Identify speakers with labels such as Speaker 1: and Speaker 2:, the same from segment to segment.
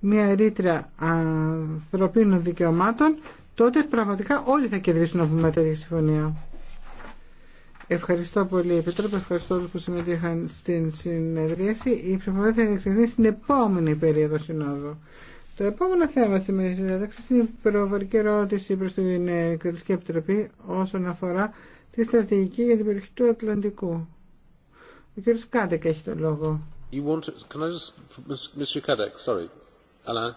Speaker 1: μια ρήτρα ανθρωπίνων δικαιωμάτων, τότε πραγματικά όλοι θα κερδίσουν από τέτοια συμφωνία. Ευχαριστώ πολύ, Επιτρόπε. Ευχαριστώ όλου που συμμετείχαν στην συνεδρίαση. Η ψηφοφορία θα εξελιχθεί στην επόμενη περίοδο συνόδου. Το επόμενο θέμα στη σημερινή συνέντευξη είναι η προβολική ερώτηση προ την Εκκλησική Επιτροπή όσον αφορά τη στρατηγική για την περιοχή του Ατλαντικού. Ο κ. Κάντεκ έχει το λόγο. You want... Can I Mr. Kadek, sorry. Alain,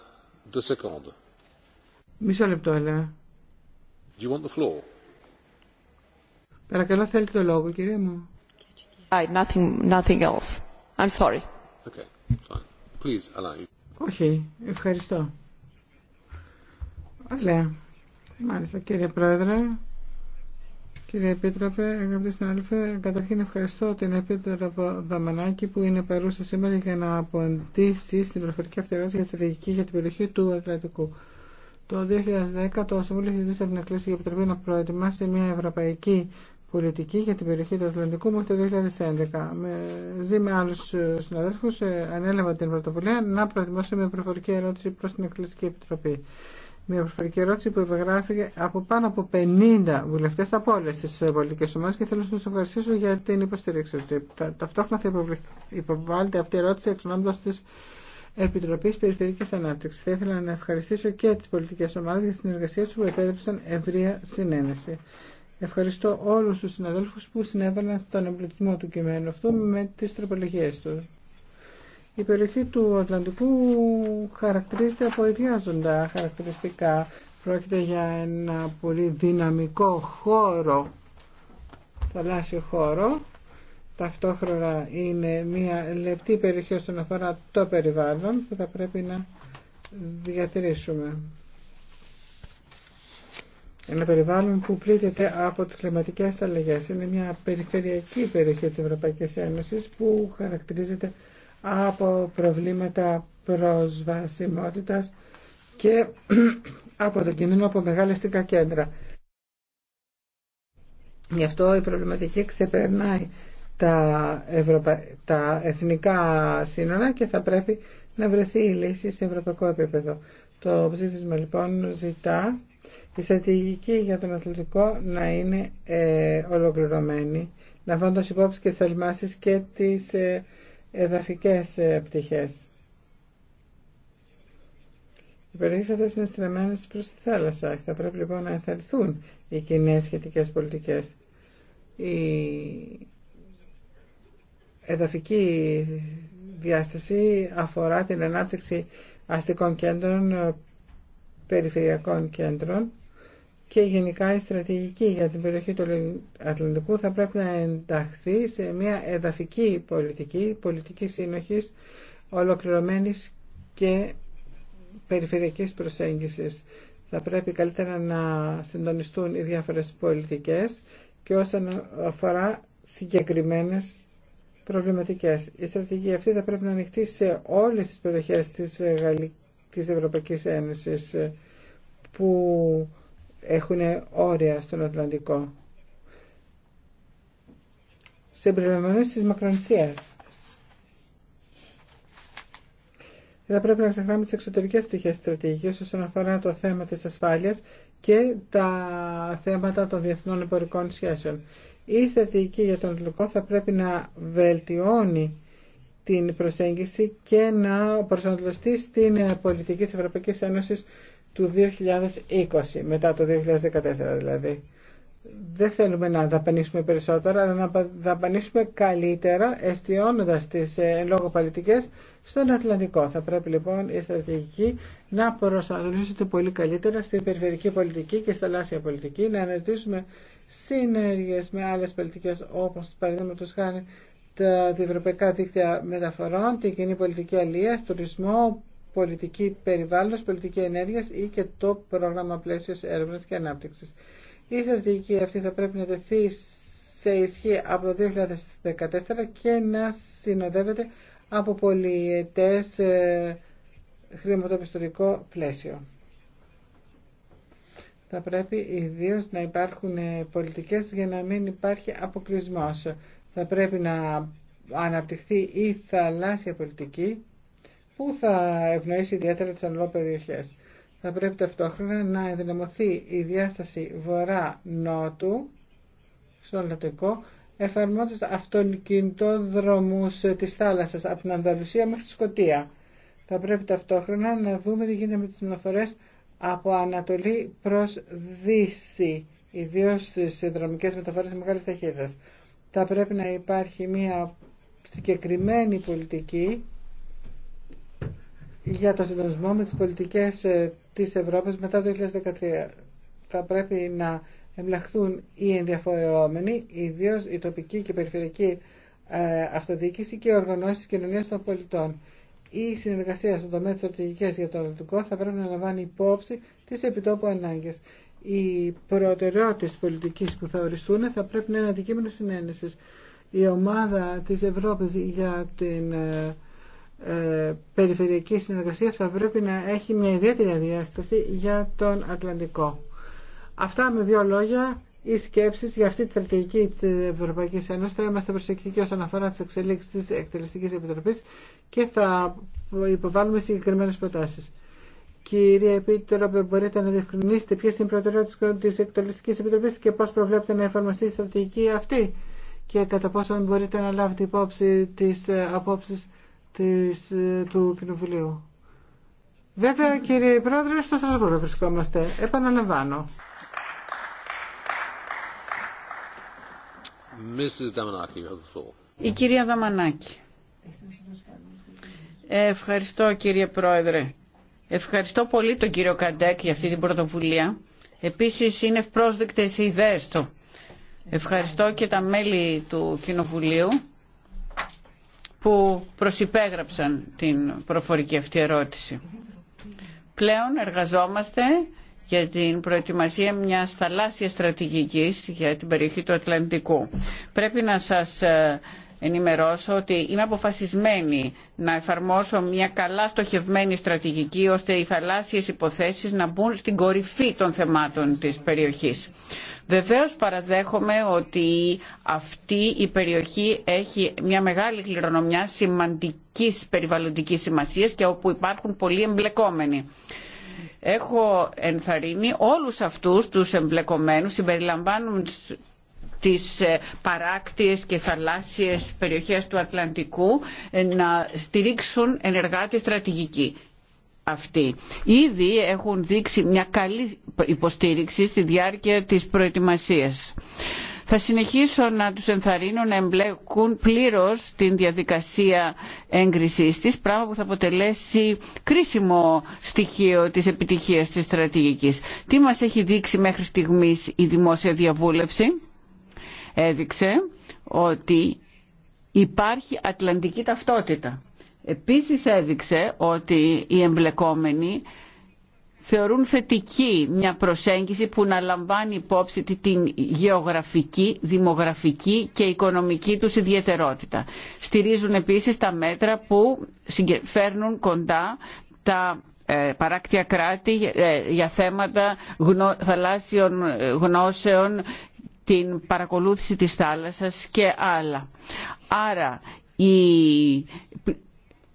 Speaker 1: deux secondes. Μισό λεπτό, Alain. Do you want the floor? Παρακαλώ, θέλετε το λόγο, κυρία μου. Nothing, nothing else. I'm sorry. Okay, fine. Please, Alain. Όχι, ευχαριστώ. Ωραία. Μάλιστα, κύριε Πρόεδρε. Κύριε Επίτροπε, αγαπητοί συνάδελφοι, καταρχήν ευχαριστώ την Επίτροπο Δαμανάκη που είναι παρούσα σήμερα για να απαντήσει στην προφορική αυτοερώτηση για τη στρατηγική για την περιοχή του Ατλαντικού. Το 2010 το Συμβούλιο ζήτησε από την Εκκλησία Επιτροπή να προετοιμάσει μια ευρωπαϊκή πολιτική για την περιοχή του Ατλαντικού μέχρι το 2011. Με, ζει με άλλου συναδέλφου, ε, ανέλαβα την πρωτοβουλία να προετοιμάσω μια προφορική ερώτηση προ την Εκκλησική Επιτροπή μια προφορική ερώτηση που υπεγράφηκε από πάνω από 50 βουλευτές από όλες τις ε, πολιτικές ομάδες και θέλω να σας ευχαριστήσω για την υποστήριξη. Ταυτόχρονα θα υποβάλλεται αυτή η ερώτηση εξ ονόματο της Επιτροπής Περιφερικής Ανάπτυξης. Θα ήθελα να ευχαριστήσω και τις πολιτικές ομάδες για την εργασία τους που επέδεψαν ευρεία συνένεση. Ευχαριστώ όλους τους συναδέλφους που συνέβαλαν στον εμπλουτισμό του κειμένου αυτού με τις τροπολογίε του. Η περιοχή του Ατλαντικού χαρακτηρίζεται από ιδιάζοντα χαρακτηριστικά. Πρόκειται για ένα πολύ δυναμικό χώρο, θαλάσσιο χώρο. Ταυτόχρονα είναι μια λεπτή περιοχή όσον αφορά το περιβάλλον που θα πρέπει να διατηρήσουμε. Ένα περιβάλλον που πλήττεται από τις κλιματικές αλλαγές. Είναι μια περιφερειακή περιοχή της Ευρωπαϊκής Ένωσης που χαρακτηρίζεται από προβλήματα προσβασιμότητας και από το κινδύνο από μεγάλα κέντρα. Γι' αυτό η προβληματική ξεπερνάει τα, τα εθνικά σύνορα και θα πρέπει να βρεθεί η λύση σε ευρωπαϊκό επίπεδο. Το ψήφισμα λοιπόν ζητά η στρατηγική για τον αθλητικό να είναι ε, ολοκληρωμένη, το υπόψη και τι και τις ε, εδαφικές ε, πτυχές. Οι περισσότερε είναι στρεμμένες προ τη θάλασσα. Θα πρέπει λοιπόν να ενθαρρυνθούν οι κοινέ σχετικέ πολιτικέ. Η εδαφική διάσταση αφορά την ανάπτυξη αστικών κέντρων, περιφερειακών κέντρων και γενικά η στρατηγική για την περιοχή του Ατλαντικού θα πρέπει να ενταχθεί σε μια εδαφική πολιτική, πολιτική σύνοχης ολοκληρωμένης και περιφερειακής προσέγγισης. Θα πρέπει καλύτερα να συντονιστούν οι διάφορες πολιτικές και όσον αφορά συγκεκριμένες προβληματικές. Η στρατηγική αυτή θα πρέπει να ανοιχτεί σε όλες τις περιοχές της, Γαλλικής, Ευρωπαϊκής Ένωσης που έχουν όρια στον Ατλαντικό. σε της Μακρονησίας. Δεν θα πρέπει να ξεχνάμε τις εξωτερικές πτυχές στρατηγική όσον αφορά το θέμα της ασφάλειας και τα θέματα των διεθνών εμπορικών σχέσεων. Η στρατηγική για τον Ατλαντικό θα πρέπει να βελτιώνει την προσέγγιση και να προσανατολιστεί στην πολιτική της Ευρωπαϊκής Ένωσης του 2020, μετά το 2014 δηλαδή. Δεν θέλουμε να δαπανίσουμε περισσότερα, αλλά να δαπανίσουμε καλύτερα, εστιώνοντας τις ε, λόγω πολιτικές στον Ατλαντικό. Θα πρέπει λοιπόν η στρατηγική να προσανατολίζεται πολύ καλύτερα στην περιφερειακή πολιτική και στα λάσια πολιτική, να αναζητήσουμε συνέργειες με άλλες πολιτικές όπως παραδείγματος χάνει τα ευρωπαϊκά δίκτυα μεταφορών, την κοινή πολιτική αλληλεία, τουρισμό, πολιτική περιβάλλοντος, πολιτική ενέργειας ή και το πρόγραμμα πλαίσιος έρευνας και ανάπτυξης. Η στρατηγική αυτή θα πρέπει να τεθεί σε ισχύ από το 2014 και να συνοδεύεται από πολιετές ε, χρηματοπιστωτικό πλαίσιο. Θα πρέπει ιδίω να υπάρχουν ε, πολιτικές για να μην υπάρχει αποκλεισμός. Θα πρέπει να αναπτυχθεί η θαλάσσια πολιτική που θα ευνοήσει ιδιαίτερα τι αναλόγες Θα πρέπει ταυτόχρονα να ενδυναμωθεί η διάσταση βορρά-νότου στον Λατικό, εφαρμόζοντας αυτοκινητό δρόμους της θάλασσας από την Ανταλουσία μέχρι τη Σκοτία. Θα πρέπει ταυτόχρονα να δούμε τι γίνεται με τι μεταφορέ από Ανατολή προς Δύση, ιδίως στις δρομικές μεταφορές μεγάλη ταχύτητα. Θα πρέπει να υπάρχει μια συγκεκριμένη πολιτική για το συντονισμό με τις πολιτικές ε, της Ευρώπης μετά το 2013. Θα πρέπει να εμπλαχθούν οι ενδιαφορεόμενοι, ιδίως η τοπική και περιφερειακή ε, αυτοδιοίκηση και οι οργανώσεις κοινωνίας των πολιτών. Η συνεργασία στον τομέα τη για το ελληνικό θα πρέπει να λαμβάνει υπόψη τις επιτόπου ανάγκες. Οι προτεραιότητες πολιτικής που θα οριστούν θα πρέπει να είναι αντικείμενο συνένεσης. Η ομάδα της Ευρώπη για την ε, ε, περιφερειακή συνεργασία θα πρέπει να έχει μια ιδιαίτερη διάσταση για τον Ατλαντικό. Αυτά με δύο λόγια οι σκέψει για αυτή τη στρατηγική τη Ευρωπαϊκή Ένωση. Θα είμαστε προσεκτικοί όσον αφορά τι εξελίξει τη Εκτελεστική Επιτροπή και θα υποβάλουμε συγκεκριμένε προτάσει. Κύριε Επίτροπε, μπορείτε να διευκρινίσετε ποιε είναι οι προτεραιότητε τη Εκτελεστική Επιτροπή και πώ προβλέπετε να εφαρμοστεί η στρατηγική αυτή και κατά πόσο μπορείτε να λάβετε υπόψη τι ε, απόψει της, ε, του Κοινοβουλίου. Βέβαια, κύριε Πρόεδρε, στο Στρασβούργο βρισκόμαστε. Επαναλαμβάνω. Η
Speaker 2: κυρία Δαμανάκη. Ε, ευχαριστώ κύριε Πρόεδρε. Ευχαριστώ πολύ τον κύριο Καντέκ για αυτή την πρωτοβουλία. Επίσης είναι ευπρόσδεκτες οι ιδέες του. Ευχαριστώ και τα μέλη του Κοινοβουλίου που προσυπέγραψαν την προφορική αυτή ερώτηση. Πλέον εργαζόμαστε για την προετοιμασία μιας θαλάσσιας στρατηγικής για την περιοχή του Ατλαντικού. Πρέπει να σας ε, ενημερώσω ότι είμαι αποφασισμένη να εφαρμόσω μια καλά στοχευμένη στρατηγική ώστε οι θαλάσσιες υποθέσεις να μπουν στην κορυφή των θεμάτων της περιοχής. Βεβαίως παραδέχομαι ότι αυτή η περιοχή έχει μια μεγάλη κληρονομιά σημαντικής περιβαλλοντικής σημασίας και όπου υπάρχουν πολλοί εμπλεκόμενοι έχω ενθαρρύνει όλους αυτούς τους εμπλεκομένους συμπεριλαμβάνουν τις ε, παράκτιες και θαλάσσιες περιοχές του Ατλαντικού ε, να στηρίξουν ενεργά τη στρατηγική αυτή. Ήδη έχουν δείξει μια καλή υποστήριξη στη διάρκεια της προετοιμασίας. Θα συνεχίσω να τους ενθαρρύνω να εμπλέκουν πλήρως την διαδικασία έγκρισης της, πράγμα που θα αποτελέσει κρίσιμο στοιχείο της επιτυχίας της στρατηγικής. Τι μας έχει δείξει μέχρι στιγμής η δημόσια διαβούλευση έδειξε ότι υπάρχει ατλαντική ταυτότητα. Επίσης έδειξε ότι οι εμπλεκόμενοι θεωρούν θετική μια προσέγγιση που να λαμβάνει υπόψη την γεωγραφική, δημογραφική και οικονομική τους ιδιαιτερότητα. Στηρίζουν επίσης τα μέτρα που φέρνουν κοντά τα ε, παράκτια κράτη ε, για θέματα θαλάσσιων ε, γνώσεων την παρακολούθηση της θάλασσας και άλλα. Άρα η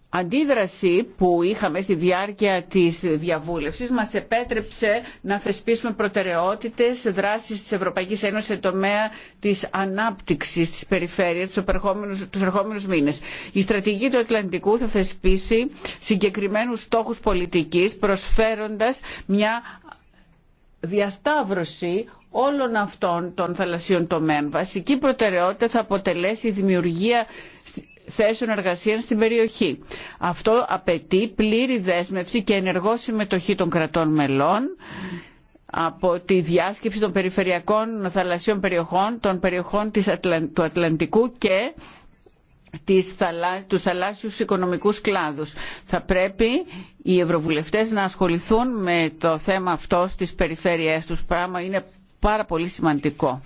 Speaker 2: αντίδραση που είχαμε στη διάρκεια της διαβούλευσης μας επέτρεψε να θεσπίσουμε προτεραιότητες δράσεις της Ευρωπαϊκής Ένωσης σε τομέα της ανάπτυξης της περιφέρειας τους ερχόμενους, τους ερχόμενους μήνες. Η στρατηγική του Ατλαντικού θα θεσπίσει συγκεκριμένους στόχους πολιτικής προσφέροντας μια διασταύρωση όλων αυτών των θαλασσίων τομέων. Βασική προτεραιότητα θα αποτελέσει η δημιουργία θέσεων εργασία στην περιοχή. Αυτό απαιτεί πλήρη δέσμευση και ενεργό συμμετοχή των κρατών μελών από τη διάσκεψη των περιφερειακών θαλασσίων περιοχών, των περιοχών της του Ατλαντικού και της θαλά, τους θαλάσσιους οικονομικούς κλάδους. Θα πρέπει οι ευρωβουλευτές να ασχοληθούν με το θέμα αυτό στις περιφέρειές τους. Πράγμα είναι πάρα πολύ σημαντικό.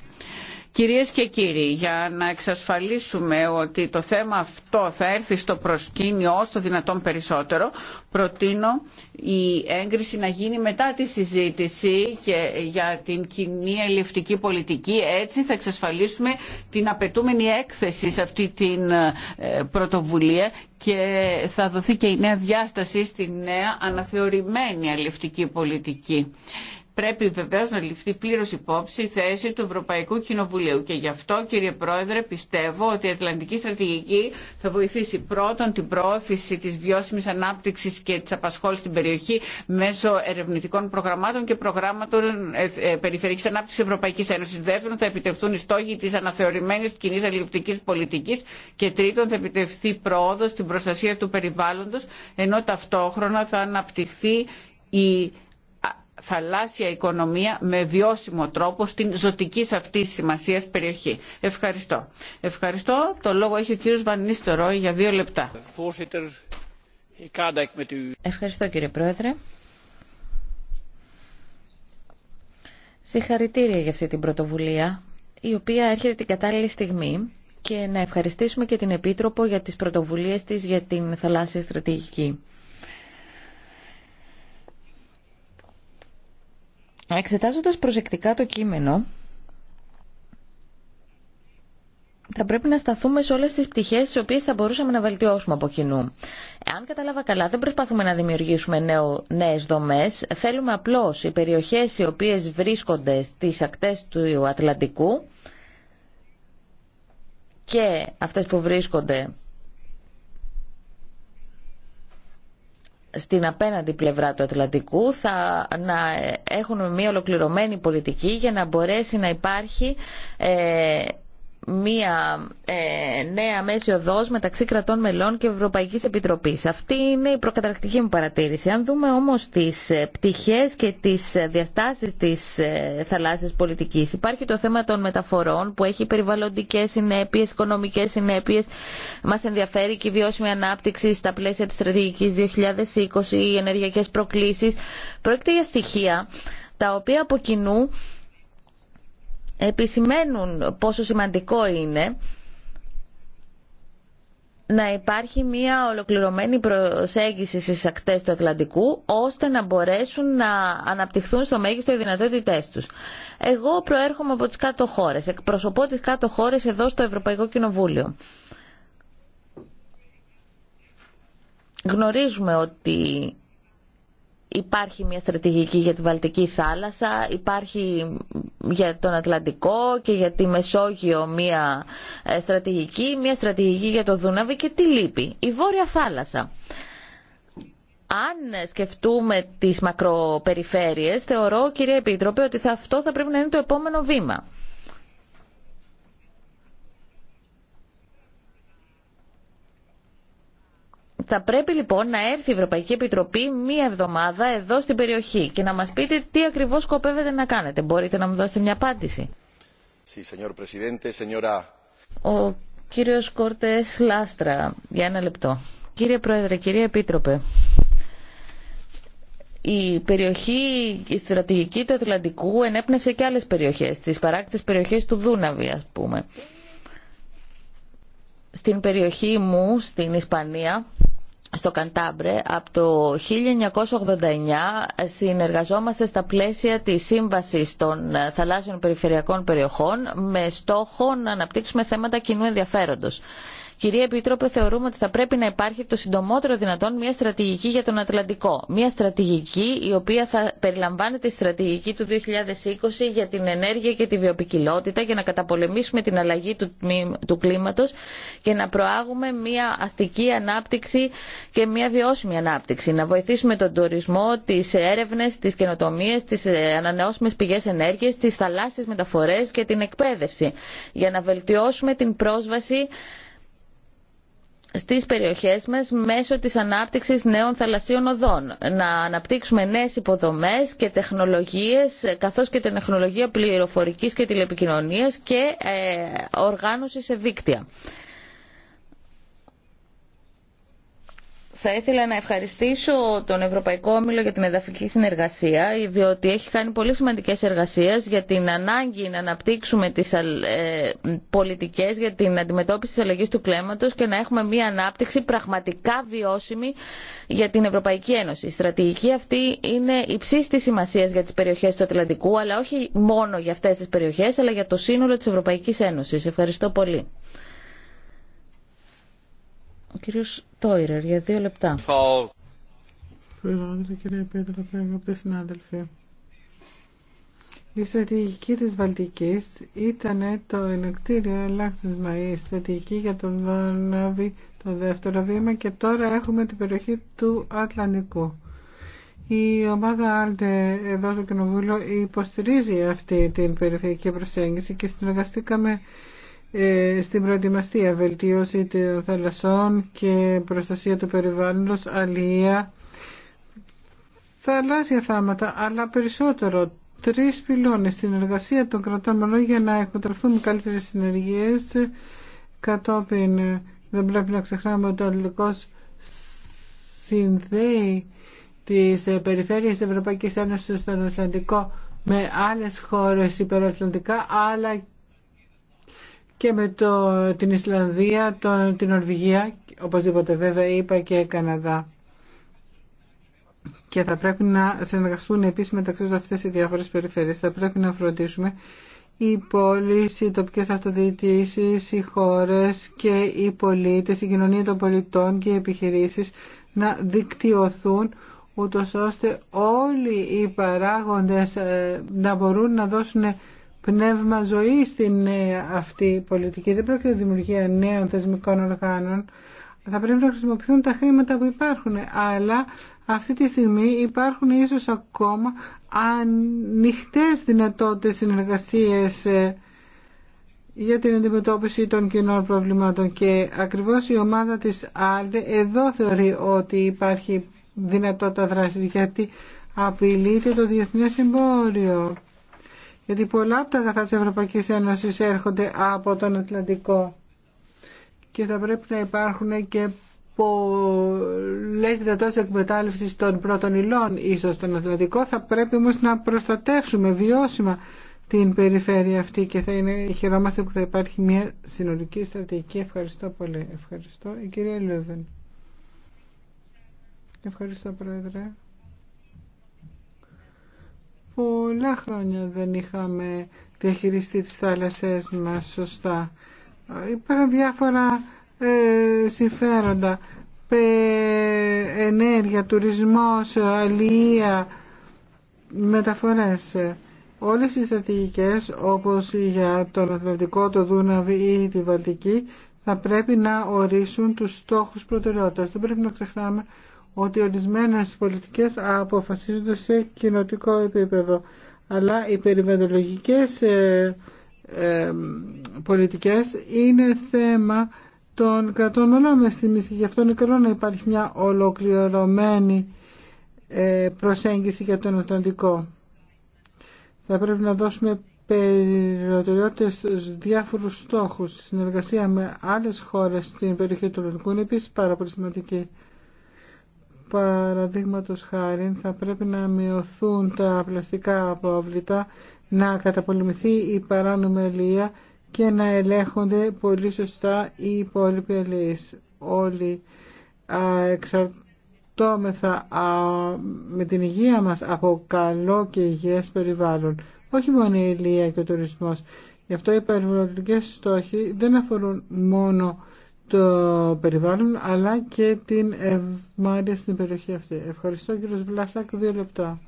Speaker 2: Κυρίες και κύριοι, για να εξασφαλίσουμε ότι το θέμα αυτό θα έρθει στο προσκήνιο όσο το δυνατόν περισσότερο, προτείνω η έγκριση να γίνει μετά τη συζήτηση και για την κοινή ελληνική πολιτική. Έτσι θα εξασφαλίσουμε την απαιτούμενη έκθεση σε αυτή την ε, πρωτοβουλία και θα δοθεί και η νέα διάσταση στη νέα αναθεωρημένη αλληλευτική πολιτική πρέπει βεβαίως να ληφθεί πλήρως υπόψη η θέση του Ευρωπαϊκού Κοινοβουλίου και γι' αυτό κύριε Πρόεδρε πιστεύω ότι η Ατλαντική Στρατηγική θα βοηθήσει πρώτον την προώθηση της βιώσιμης ανάπτυξης και της απασχόλησης στην περιοχή μέσω ερευνητικών προγραμμάτων και προγράμματων ε, ε, περιφερειακής ανάπτυξης Ευρωπαϊκής Ένωσης. Δεύτερον θα επιτευχθούν οι στόχοι της αναθεωρημένης κοινή αλληλεπτική πολιτική και τρίτον θα επιτευχθεί πρόοδος στην προστασία του περιβάλλοντος ενώ ταυτόχρονα θα αναπτυχθεί η θαλάσσια οικονομία με βιώσιμο τρόπο στην ζωτική αυτή σημασία περιοχή. Ευχαριστώ. Ευχαριστώ. Το λόγο έχει ο κύριος Ρόι για δύο λεπτά. Ευχαριστώ κύριε Πρόεδρε. Συγχαρητήρια για αυτή
Speaker 3: την πρωτοβουλία, η οποία έρχεται την κατάλληλη στιγμή και να ευχαριστήσουμε και την Επίτροπο για τις πρωτοβουλίες της για την θαλάσσια στρατηγική. Εξετάζοντας προσεκτικά το κείμενο, θα πρέπει να σταθούμε σε όλες τις πτυχές τις οποίες θα μπορούσαμε να βελτιώσουμε από κοινού. Αν κατάλαβα καλά, δεν προσπαθούμε να δημιουργήσουμε νέες δομές. Θέλουμε απλώς οι περιοχές οι οποίες βρίσκονται στις ακτές του Ατλαντικού και αυτές που βρίσκονται στην απέναντι πλευρά του Ατλαντικού θα να έχουν μια ολοκληρωμένη πολιτική για να μπορέσει να υπάρχει ε, μία ε, νέα μέση οδός μεταξύ κρατών μελών και Ευρωπαϊκής Επιτροπής. Αυτή είναι η προκαταρκτική μου παρατήρηση. Αν δούμε όμως τις ε, πτυχές και τις ε, διαστάσεις της ε, θαλάσσιας πολιτικής, υπάρχει το θέμα των μεταφορών που έχει περιβαλλοντικές συνέπειες, οικονομικές συνέπειες. Μας ενδιαφέρει και η βιώσιμη ανάπτυξη στα πλαίσια της στρατηγικής 2020, οι ενεργειακές προκλήσεις. Πρόκειται για στοιχεία τα οποία από κοινού επισημαίνουν πόσο σημαντικό είναι να υπάρχει μια ολοκληρωμένη προσέγγιση στις ακτές του Ατλαντικού ώστε να μπορέσουν να αναπτυχθούν στο μέγιστο οι δυνατότητές τους. Εγώ προέρχομαι από τις κάτω χώρες, εκπροσωπώ τις κάτω χώρες εδώ στο Ευρωπαϊκό Κοινοβούλιο. Γνωρίζουμε ότι Υπάρχει μια στρατηγική για τη Βαλτική θάλασσα, υπάρχει για τον Ατλαντικό και για τη Μεσόγειο μια ε, στρατηγική, μια στρατηγική για το Δούναβι και τι λείπει. Η Βόρεια θάλασσα. Αν σκεφτούμε τις μακροπεριφέρειες, θεωρώ κυρία Επίτροπε ότι αυτό θα πρέπει να είναι το επόμενο βήμα. Θα πρέπει λοιπόν να έρθει η Ευρωπαϊκή Επιτροπή μία εβδομάδα εδώ στην περιοχή και να μας πείτε τι ακριβώς σκοπεύετε να κάνετε. Μπορείτε να μου δώσετε μια απάντηση. Ο κύριος Κορτές Λάστρα, για ένα λεπτό. Κύριε Πρόεδρε, κύριε Επίτροπε, η περιοχή η στρατηγική του Ατλαντικού ενέπνευσε και άλλες περιοχές, τις παράκτητες περιοχές του Δούναβη ας πούμε. Στην περιοχή μου, στην Ισπανία, στο Καντάμπρε από το 1989 συνεργαζόμαστε στα πλαίσια της Σύμβασης των Θαλάσσιων Περιφερειακών Περιοχών με στόχο να αναπτύξουμε θέματα κοινού ενδιαφέροντος. Κυρία Επίτροπε, θεωρούμε ότι θα πρέπει να υπάρχει το συντομότερο δυνατόν μια στρατηγική για τον Ατλαντικό. Μια στρατηγική η οποία θα περιλαμβάνει τη στρατηγική του 2020 για την ενέργεια και τη βιοπικιλότητα, για να καταπολεμήσουμε την αλλαγή του, του κλίματος και να προάγουμε μια αστική ανάπτυξη και μια βιώσιμη ανάπτυξη. Να βοηθήσουμε τον τουρισμό, τις έρευνες, τις καινοτομίες, τις ανανεώσιμες πηγές ενέργειας, τις θαλάσσιες μεταφορές και την εκπαίδευση. Για να βελτιώσουμε την πρόσβαση στις περιοχές μας μέσω της ανάπτυξης νέων θαλασσίων οδών. Να αναπτύξουμε νέες υποδομές και τεχνολογίες καθώς και τεχνολογία πληροφορικής και τηλεπικοινωνίας και ε, οργάνωση σε δίκτυα. Θα ήθελα να ευχαριστήσω τον Ευρωπαϊκό Όμιλο για την εδαφική συνεργασία, διότι έχει κάνει πολύ σημαντικές εργασίες για την ανάγκη να αναπτύξουμε τις ε, πολιτικές για την αντιμετώπιση της αλλαγής του κλέματος και να έχουμε μια ανάπτυξη πραγματικά βιώσιμη για την Ευρωπαϊκή Ένωση. Η στρατηγική αυτή είναι υψίστη σημασία για τι περιοχέ του Ατλαντικού, αλλά όχι μόνο για αυτέ τι περιοχέ, αλλά για το σύνολο τη Ευρωπαϊκή Ένωση. Ευχαριστώ πολύ.
Speaker 1: Ο κύριος Τόιρερ για δύο λεπτά. Πρόεδρε, κύριε Επίτροπε, αγαπητοί συνάδελφοι. Η στρατηγική της Βαλτικής ήταν το ενεκτήριο ελάχιστος η στρατηγική για τον Δονάβη, το δεύτερο βήμα και τώρα έχουμε την περιοχή του Ατλαντικού. Η ομάδα ΑΛΤΕ εδώ στο Κοινοβούλιο υποστηρίζει αυτή την περιφερειακή προσέγγιση και συνεργαστήκαμε ε, στην προετοιμαστία, βελτίωση των θαλασσών και προστασία του περιβάλλοντος, αλληλεία, θαλάσσια θάματα, αλλά περισσότερο τρεις πυλώνες στην εργασία των κρατών μελών για να εκμεταλλευτούν καλύτερες συνεργίες κατόπιν δεν πρέπει να ξεχνάμε ότι ο ελληνικός συνδέει τις περιφέρειες της Ευρωπαϊκής Ένωσης στον Ατλαντικό με άλλες χώρες υπερατλαντικά αλλά και με το, την Ισλανδία, το, την Ορβηγία, οπωσδήποτε βέβαια είπα και Καναδά. Και θα πρέπει να συνεργαστούν επίσης μεταξύ τους αυτές οι διάφορες περιφέρειες. Θα πρέπει να φροντίσουμε οι πόλεις, οι τοπικές αυτοδιοίτησεις, οι χώρες και οι πολίτες, η κοινωνία των πολιτών και οι επιχειρήσεις να δικτυωθούν ούτως ώστε όλοι οι παράγοντες ε, να μπορούν να δώσουν πνεύμα ζωή στην ε, αυτή πολιτική. Δεν πρόκειται δημιουργία νέων θεσμικών οργάνων. Θα πρέπει να χρησιμοποιηθούν τα χρήματα που υπάρχουν. Αλλά αυτή τη στιγμή υπάρχουν ίσως ακόμα ανοιχτέ δυνατότητες συνεργασίες ε, για την αντιμετώπιση των κοινών προβλημάτων και ακριβώς η ομάδα της Άλτε εδώ θεωρεί ότι υπάρχει δυνατότητα δράσης γιατί απειλείται το διεθνές εμπόριο γιατί πολλά από τα αγαθά της Ευρωπαϊκής Ένωσης έρχονται από τον Ατλαντικό και θα πρέπει να υπάρχουν και πολλές δυνατότητες εκμετάλλευσης των πρώτων υλών ίσως στον Ατλαντικό θα πρέπει όμως να προστατεύσουμε βιώσιμα την περιφέρεια αυτή και θα είναι, χαιρόμαστε που θα υπάρχει μια συνολική στρατηγική. Ευχαριστώ πολύ. Ευχαριστώ. Η κυρία Λεύεν. Ευχαριστώ Πρόεδρε. Πολλά χρόνια δεν είχαμε διαχειριστεί τις θάλασσές μας σωστά. Υπάρχουν διάφορα ε, συμφέροντα. ενέργεια, τουρισμός, αλληλεία, μεταφορές. Όλες οι στρατηγικές όπως για τον Ατλαντικό, το Δούναβι ή τη Βαλτική θα πρέπει να ορίσουν τους στόχους προτεραιότητας. Δεν πρέπει να ξεχνάμε ότι ορισμένε πολιτικές αποφασίζονται σε κοινοτικό επίπεδο αλλά οι περιβαλλοντικές ε, ε, πολιτικές είναι θέμα των κρατών όλων με και γι' αυτό είναι καλό να υπάρχει μια ολοκληρωμένη ε, προσέγγιση για τον Ατλαντικό. Θα πρέπει να δώσουμε περιοριότητες στους διάφορους στόχους. Η συνεργασία με άλλες χώρες στην περιοχή του είναι επίσης πάρα πολύ σημαντική παραδείγματος χάρη θα πρέπει να μειωθούν τα πλαστικά απόβλητα, να καταπολεμηθεί η παράνομη ελεία και να ελέγχονται πολύ σωστά οι υπόλοιποι ελεείς. Όλοι εξαρτώμεθα με την υγεία μας από καλό και υγιές περιβάλλον. Όχι μόνο η ελεία και ο τουρισμός. Γι' αυτό οι περιβαλλοντικές στόχοι δεν αφορούν μόνο το περιβάλλον αλλά και την ευμάρεια στην περιοχή αυτή. Ευχαριστώ κύριο Βλάσακ, δύο λεπτά.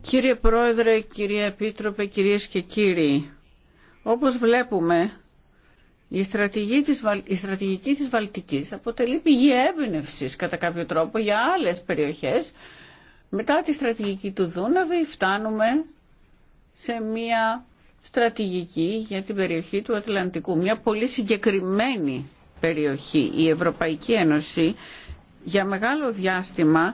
Speaker 2: Κύριε Πρόεδρε, κύριε Επίτροπε, κυρίες και κύριοι, όπως βλέπουμε, η στρατηγική, της, η της Βαλτικής αποτελεί πηγή έμπνευση κατά κάποιο τρόπο για άλλες περιοχές. Μετά τη στρατηγική του Δούναβη φτάνουμε σε μια στρατηγική για την περιοχή του Ατλαντικού. Μια πολύ συγκεκριμένη περιοχή. Η Ευρωπαϊκή Ένωση για μεγάλο διάστημα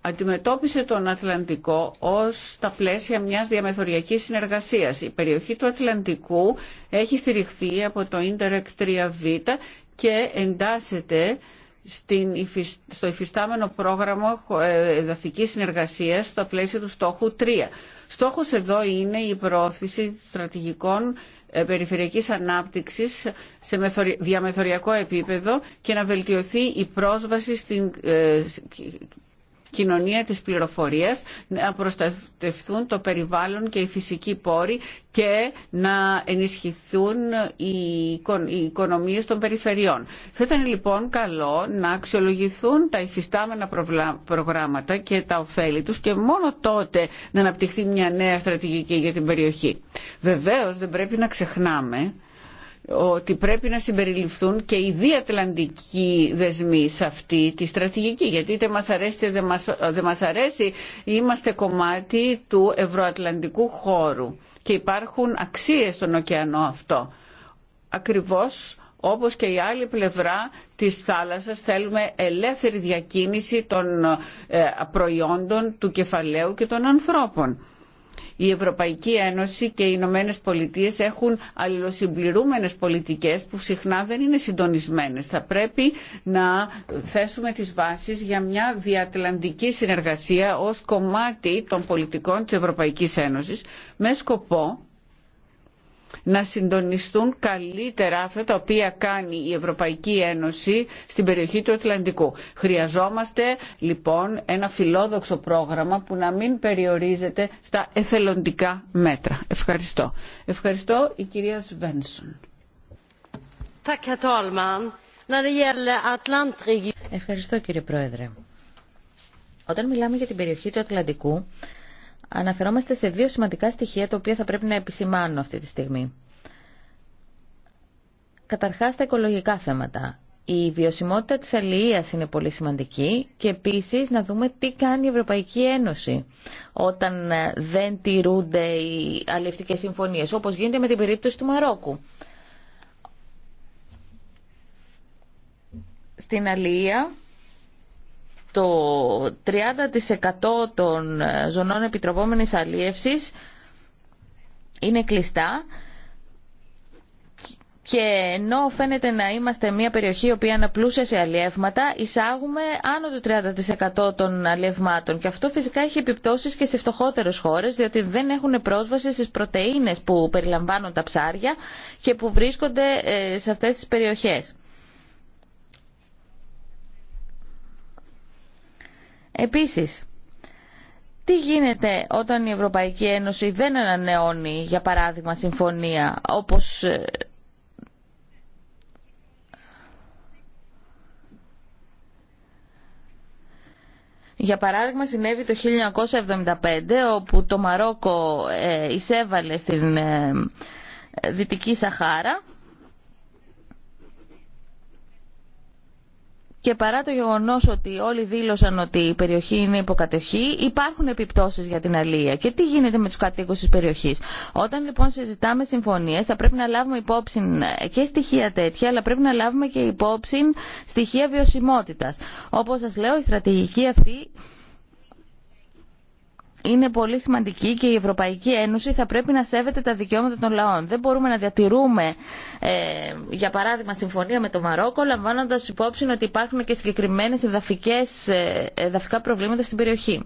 Speaker 2: αντιμετώπισε τον Ατλαντικό ως τα πλαίσια μιας διαμεθοριακής συνεργασίας. Η περιοχή του Ατλαντικού έχει στηριχθεί από το Interreg 3 β και εντάσσεται στην, στο υφιστάμενο πρόγραμμα ε, εδαφικής συνεργασίας στο πλαίσιο του στόχου 3. Στόχος εδώ είναι η προώθηση στρατηγικών ε, περιφερειακής ανάπτυξης σε διαμεθοριακό επίπεδο και να βελτιωθεί η πρόσβαση στην ε, κοινωνία της πληροφορίας, να προστατευθούν το περιβάλλον και οι φυσικοί πόροι και να ενισχυθούν οι οικονομίες των περιφερειών. Θα ήταν λοιπόν καλό να αξιολογηθούν τα υφιστάμενα προγράμματα και τα ωφέλη τους και μόνο τότε να αναπτυχθεί μια νέα στρατηγική για την περιοχή. Βεβαίως δεν πρέπει να ξεχνάμε ότι πρέπει να συμπεριληφθούν και οι διατλαντικοί δεσμοί σε αυτή τη στρατηγική. Γιατί είτε μας αρέσει είτε δεν μας, αρέσει, είμαστε κομμάτι του ευρωατλαντικού χώρου και υπάρχουν αξίες στον ωκεανό αυτό. Ακριβώς όπως και η άλλη πλευρά της θάλασσας θέλουμε ελεύθερη διακίνηση των ε, προϊόντων του κεφαλαίου και των ανθρώπων. Η Ευρωπαϊκή Ένωση και οι Ηνωμένε Πολιτείε έχουν αλληλοσυμπληρούμενες πολιτικές που συχνά δεν είναι συντονισμένες. Θα πρέπει να θέσουμε τις βάσεις για μια διατλαντική συνεργασία ως κομμάτι των πολιτικών τη Ευρωπαϊκής Ένωσης με σκοπό να συντονιστούν καλύτερα αυτά τα οποία κάνει η Ευρωπαϊκή Ένωση στην περιοχή του Ατλαντικού. Χρειαζόμαστε λοιπόν ένα φιλόδοξο πρόγραμμα που να μην περιορίζεται στα εθελοντικά μέτρα. Ευχαριστώ. Ευχαριστώ η κυρία Σβένσον. Ευχαριστώ κύριε Πρόεδρε.
Speaker 3: Όταν μιλάμε για την περιοχή του Ατλαντικού, αναφερόμαστε σε δύο σημαντικά στοιχεία τα οποία θα πρέπει να επισημάνω αυτή τη στιγμή. Καταρχάς τα οικολογικά θέματα. Η βιωσιμότητα της αλληλείας είναι πολύ σημαντική και επίσης να δούμε τι κάνει η Ευρωπαϊκή Ένωση όταν ε, δεν τηρούνται οι αλληλευτικές συμφωνίες, όπως γίνεται με την περίπτωση του Μαρόκου. Στην αλληλεία το 30% των ε, ζωνών επιτροπόμενης αλίευσης είναι κλειστά και ενώ φαίνεται να είμαστε μια περιοχή η οποία είναι πλούσια σε αλλιεύματα, εισάγουμε άνω του 30% των αλλιευμάτων. Και αυτό φυσικά έχει επιπτώσεις και σε φτωχότερες χώρες, διότι δεν έχουν πρόσβαση στις πρωτεΐνες που περιλαμβάνουν τα ψάρια και που βρίσκονται ε, σε αυτές τις περιοχές. Επίσης, τι γίνεται όταν η Ευρωπαϊκή Ένωση δεν ανανεώνει, για παράδειγμα, συμφωνία, όπως ε, Για παράδειγμα συνέβη το 1975 όπου το Μαρόκο ε, εισέβαλε στην ε, Δυτική Σαχάρα και παρά το γεγονός ότι όλοι δήλωσαν ότι η περιοχή είναι υποκατοχή υπάρχουν επιπτώσεις για την αλία και τι γίνεται με τους κατοίκους της περιοχής. Όταν λοιπόν συζητάμε συμφωνίες θα πρέπει να λάβουμε υπόψη και στοιχεία τέτοια αλλά πρέπει να λάβουμε και υπόψη στοιχεία βιωσιμότητας. Όπως σας λέω η στρατηγική αυτή είναι πολύ σημαντική και η Ευρωπαϊκή Ένωση θα πρέπει να σέβεται τα δικαιώματα των λαών. Δεν μπορούμε να διατηρούμε, ε, για παράδειγμα, συμφωνία με το Μαρόκο, λαμβάνοντα υπόψη ότι υπάρχουν και συγκεκριμένε ε,
Speaker 2: εδαφικά προβλήματα στην περιοχή.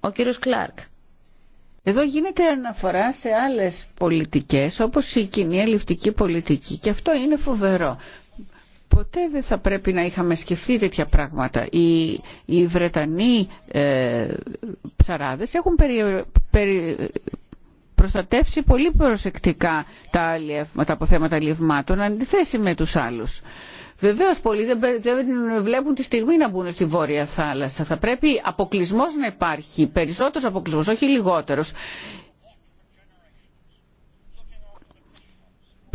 Speaker 2: Ο κύριο Κλάρκ. Εδώ γίνεται αναφορά σε άλλες πολιτικές όπως η κοινή ελληνική πολιτική και αυτό είναι φοβερό. Ποτέ δεν θα πρέπει να είχαμε σκεφτεί τέτοια πράγματα. Οι, οι Βρετανοί ε, ψαράδες έχουν περι, προστατεύσει πολύ προσεκτικά τα, τα αποθέματα αλλιευμάτων, αντιθέσει με τους άλλους. Βεβαίω πολλοί δεν, βλέπουν τη στιγμή να μπουν στη Βόρεια Θάλασσα. Θα πρέπει αποκλεισμό να υπάρχει, περισσότερο αποκλεισμό, όχι λιγότερο.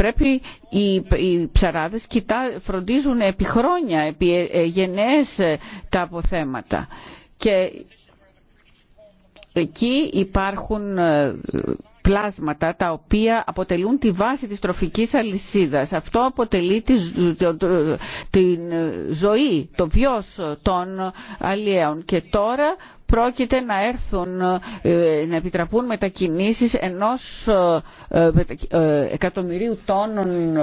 Speaker 2: πρέπει οι, ψαράδες φροντίζουν επί χρόνια, επί ε, ε, γενναίες ε, τα αποθέματα. Και εκεί υπάρχουν πλάσματα τα οποία αποτελούν τη βάση της τροφικής αλυσίδας. Αυτό αποτελεί την ζωή, το βιός των αλλιέων. Και τώρα πρόκειται να έρθουν, ε, να επιτραπούν μετακινήσεις ενός ε, ε, εκατομμυρίου τόνων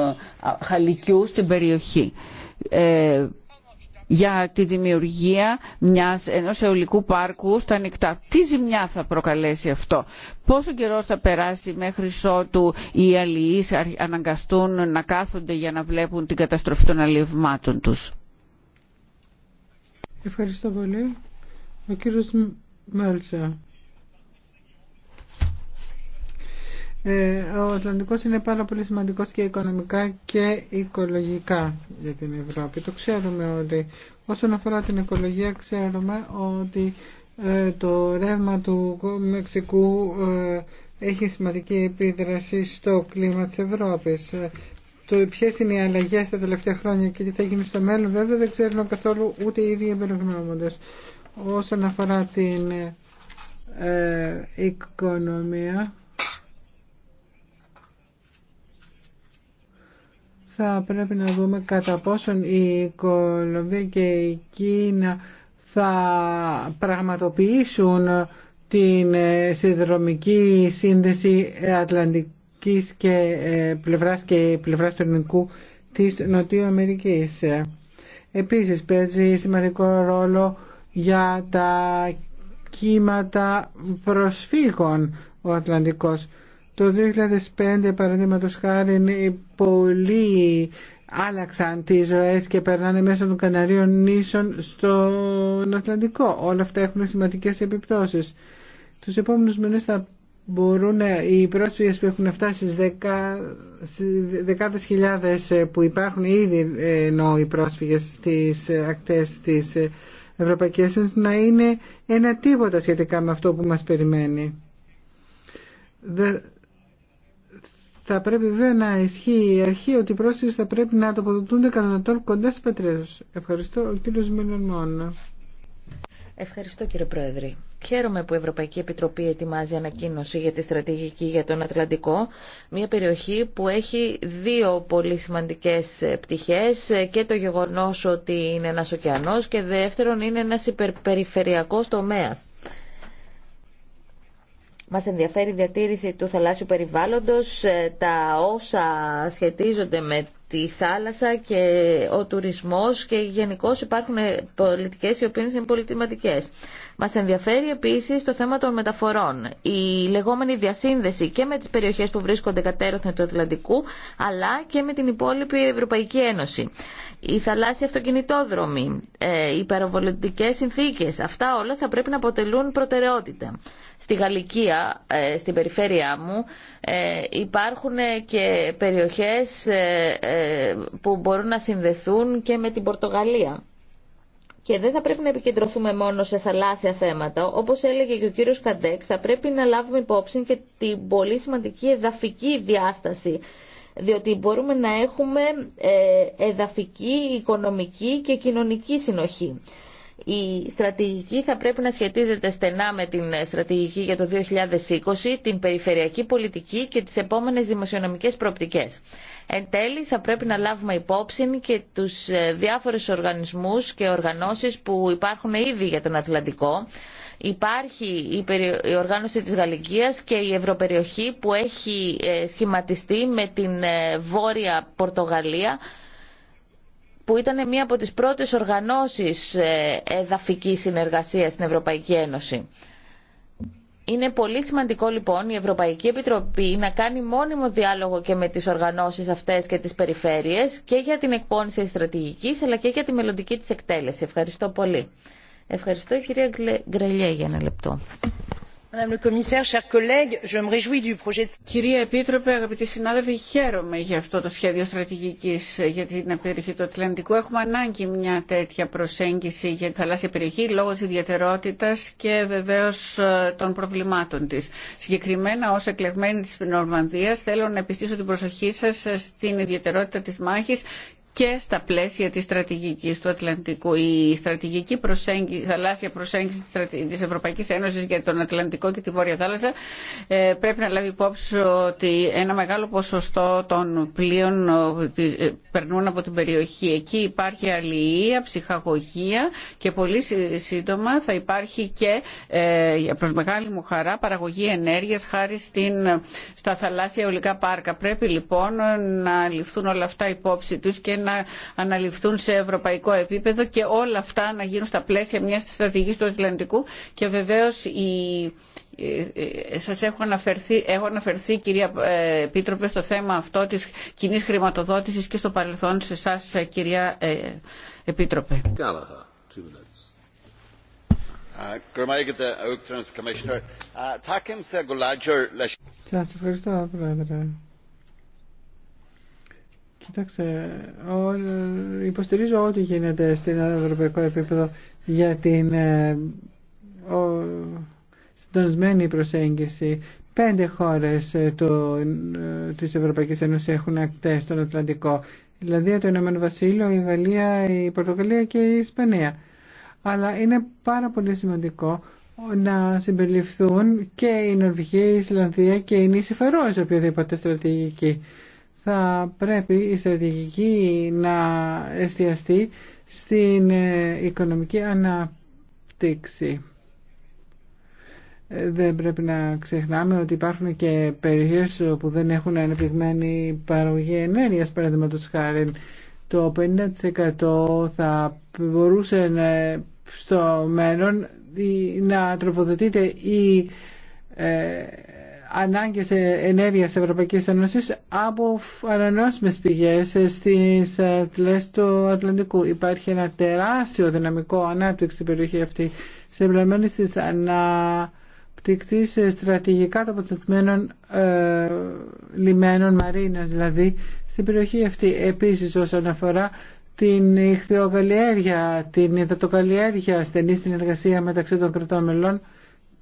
Speaker 2: χαλικιού στην περιοχή για τη δημιουργία μιας, ενός αιωλικού πάρκου στα νύχτα. Τι ζημιά θα προκαλέσει αυτό. Πόσο καιρό θα περάσει μέχρι ότου οι αλληλείς αναγκαστούν να κάθονται για να βλέπουν την καταστροφή των αλληλευμάτων τους.
Speaker 1: Ευχαριστώ πολύ. Ο κύριος Μέλτσα. Ε, ο Ατλαντικός είναι πάρα πολύ σημαντικός και οικονομικά και οικολογικά για την Ευρώπη. Το ξέρουμε όλοι. Όσον αφορά την οικολογία ξέρουμε ότι ε, το ρεύμα του Μεξικού ε, έχει σημαντική επίδραση στο κλίμα της Ευρώπης. Το ποιε είναι οι αλλαγέ τα τελευταία χρόνια και τι θα γίνει στο μέλλον, βέβαια δεν ξέρουν καθόλου ούτε οι ίδιοι εμπεριγνώμοντες όσον αφορά την ε, ε, οικονομία θα πρέπει να δούμε κατά πόσον η Κολομβία και η Κίνα θα πραγματοποιήσουν την ε, συνδρομική σύνδεση Ατλαντικής και πλευράς και πλευράς του ελληνικού της Νοτιού Επίσης παίζει σημαντικό ρόλο για τα κύματα προσφύγων ο Ατλαντικός. Το 2005 παραδείγματο χάρη πολλοί άλλαξαν τις ζωέ και περνάνε μέσα των Καναρίων νήσων στον Ατλαντικό. Όλα αυτά έχουν σημαντικές επιπτώσεις. Τους επόμενους μήνες θα μπορούν ε, οι πρόσφυγες που έχουν φτάσει στις, δεκα, στις δεκάδες χιλιάδες ε, που υπάρχουν ήδη ε, ενώ οι πρόσφυγες στις ακτές της Ευρωπαϊκή Ένωση να είναι ένα τίποτα σχετικά με αυτό που μας περιμένει. Θα πρέπει βέβαια να ισχύει η αρχή ότι οι πρόσφυγες θα πρέπει να τοποθετούνται κατά τον κοντά στις πατρίδες. Ευχαριστώ. Ο κύριος
Speaker 3: Ευχαριστώ κύριε Πρόεδρε. Χαίρομαι που η Ευρωπαϊκή Επιτροπή ετοιμάζει ανακοίνωση για τη στρατηγική για τον Ατλαντικό, μια περιοχή που έχει δύο πολύ σημαντικές πτυχές και το γεγονός ότι είναι ένας ωκεανός και δεύτερον είναι ένας υπερπεριφερειακός τομέας. Μας ενδιαφέρει η διατήρηση του θαλάσσιου περιβάλλοντος, ε, τα όσα σχετίζονται με τη θάλασσα και ο τουρισμός και γενικώ υπάρχουν πολιτικές οι οποίες είναι πολιτιματικές. Μας ενδιαφέρει επίσης το θέμα των μεταφορών, η λεγόμενη διασύνδεση και με τις περιοχές που βρίσκονται κατέρωθεν του Ατλαντικού, αλλά και με την υπόλοιπη Ευρωπαϊκή Ένωση οι θαλάσσιοι αυτοκινητόδρομοι, ε, οι υπεροβολητικές συνθήκες. Αυτά όλα θα πρέπει να αποτελούν προτεραιότητα. Στη Γαλλικία, ε, στην περιφέρειά μου, ε, υπάρχουν και περιοχές που μπορούν να συνδεθούν και με την Πορτογαλία. Και δεν θα πρέπει να επικεντρωθούμε μόνο σε θαλάσσια θέματα. Όπω έλεγε και ο κύριο Καντέκ, θα πρέπει να λάβουμε υπόψη και την πολύ σημαντική εδαφική διάσταση διότι μπορούμε να έχουμε ε, εδαφική, οικονομική και κοινωνική συνοχή. Η στρατηγική θα πρέπει να σχετίζεται στενά με την στρατηγική για το 2020, την περιφερειακή πολιτική και τις επόμενες δημοσιονομικές προοπτικές. Εν τέλει, θα πρέπει να λάβουμε υπόψη και τους ε, διάφορους οργανισμούς και οργανώσεις που υπάρχουν ήδη για τον Ατλαντικό, Υπάρχει η οργάνωση της Γαλλικίας και η Ευρωπεριοχή που έχει ε, σχηματιστεί με την ε, Βόρεια Πορτογαλία που ήταν μία από τις πρώτες οργανώσεις ε, εδαφικής συνεργασίας στην Ευρωπαϊκή Ένωση. Είναι πολύ σημαντικό λοιπόν η Ευρωπαϊκή Επιτροπή να κάνει μόνιμο διάλογο και με τις οργανώσεις αυτές και τις περιφέρειες και για την εκπόνηση στρατηγικής αλλά και για τη μελλοντική της εκτέλεση. Ευχαριστώ πολύ. Ευχαριστώ κυρία Γκρελία, για ένα λεπτό.
Speaker 2: Κυρία Επίτροπε, αγαπητοί συνάδελφοι, χαίρομαι για αυτό το σχέδιο στρατηγικής για την περιοχή του Ατλαντικού. Έχουμε ανάγκη μια τέτοια προσέγγιση για τη θαλάσσια περιοχή λόγω της ιδιαιτερότητας και βεβαίως ε, των προβλημάτων της. Συγκεκριμένα ως εκλεγμένη της Νορμανδίας θέλω να επιστήσω την προσοχή σα ε, στην ιδιαιτερότητα της μάχης και στα πλαίσια της στρατηγικής του Ατλαντικού. Η στρατηγική προσέγγι, θαλάσσια προσέγγιση της Ευρωπαϊκής Ένωσης για τον Ατλαντικό και τη Βόρεια Θάλασσα ε, πρέπει να λάβει υπόψη ότι ένα μεγάλο ποσοστό των πλοίων ε, περνούν από την περιοχή. Εκεί υπάρχει αλληλεία, ψυχαγωγία και πολύ σύντομα θα υπάρχει και ε, προς μεγάλη μου χαρά παραγωγή ενέργειας χάρη στην, στα θαλάσσια ολικά πάρκα. Πρέπει λοιπόν να ληφθούν όλα αυτά υπόψη τους να αναλυφθούν σε ευρωπαϊκό επίπεδο και όλα αυτά να γίνουν στα πλαίσια μιας στρατηγικής του Ατλαντικού και βεβαίως η... Ε, ε, σας έχω αναφερθεί, έχω αναφερθεί κυρία ε, Επίτροπε στο θέμα αυτό της κοινή χρηματοδότησης και στο παρελθόν σε εσάς κυρία Επίτροπε.
Speaker 1: Κοιτάξτε, υποστηρίζω ό,τι γίνεται στην ευρωπαϊκό επίπεδο για την ε, ο, συντονισμένη προσέγγιση. Πέντε χώρες ε, του, ε, της Ευρωπαϊκής Ένωσης έχουν ακτές στον Ατλαντικό. Δηλαδή το Ηνωμένο Βασίλειο, η Γαλλία, η Πορτογαλία και η Ισπανία. Αλλά είναι πάρα πολύ σημαντικό να συμπεριληφθούν και η Νορβηγία, η Ισλανδία και η Νήσι Φερόες οποιαδήποτε στρατηγική θα πρέπει η στρατηγική να εστιαστεί στην ε, οικονομική ανάπτυξη. Ε, δεν πρέπει να ξεχνάμε ότι υπάρχουν και περιοχές που δεν έχουν ανεπτυγμένη παραγωγή ενέργειας, παραδείγματο χάρη. Το 50% θα μπορούσε να, στο μέλλον να τροφοδοτείται η ε, ανάγκες ε, ενέργειας Ευρωπαϊκής Ένωσης από ανανεώσιμες πηγές ε, στις ε, πλές του Ατλαντικού. Υπάρχει ένα τεράστιο δυναμικό ανάπτυξη στην περιοχή αυτή, σε συμπληρωμένη στις αναπτυκτής στρατηγικά τοποθετημένων ε, λιμένων μαρίνας, δηλαδή στην περιοχή αυτή. Επίσης όσον αφορά την ηχθειοκαλλιέργεια, την υδατοκαλλιέργεια, στενή συνεργασία μεταξύ των κρατών μελών,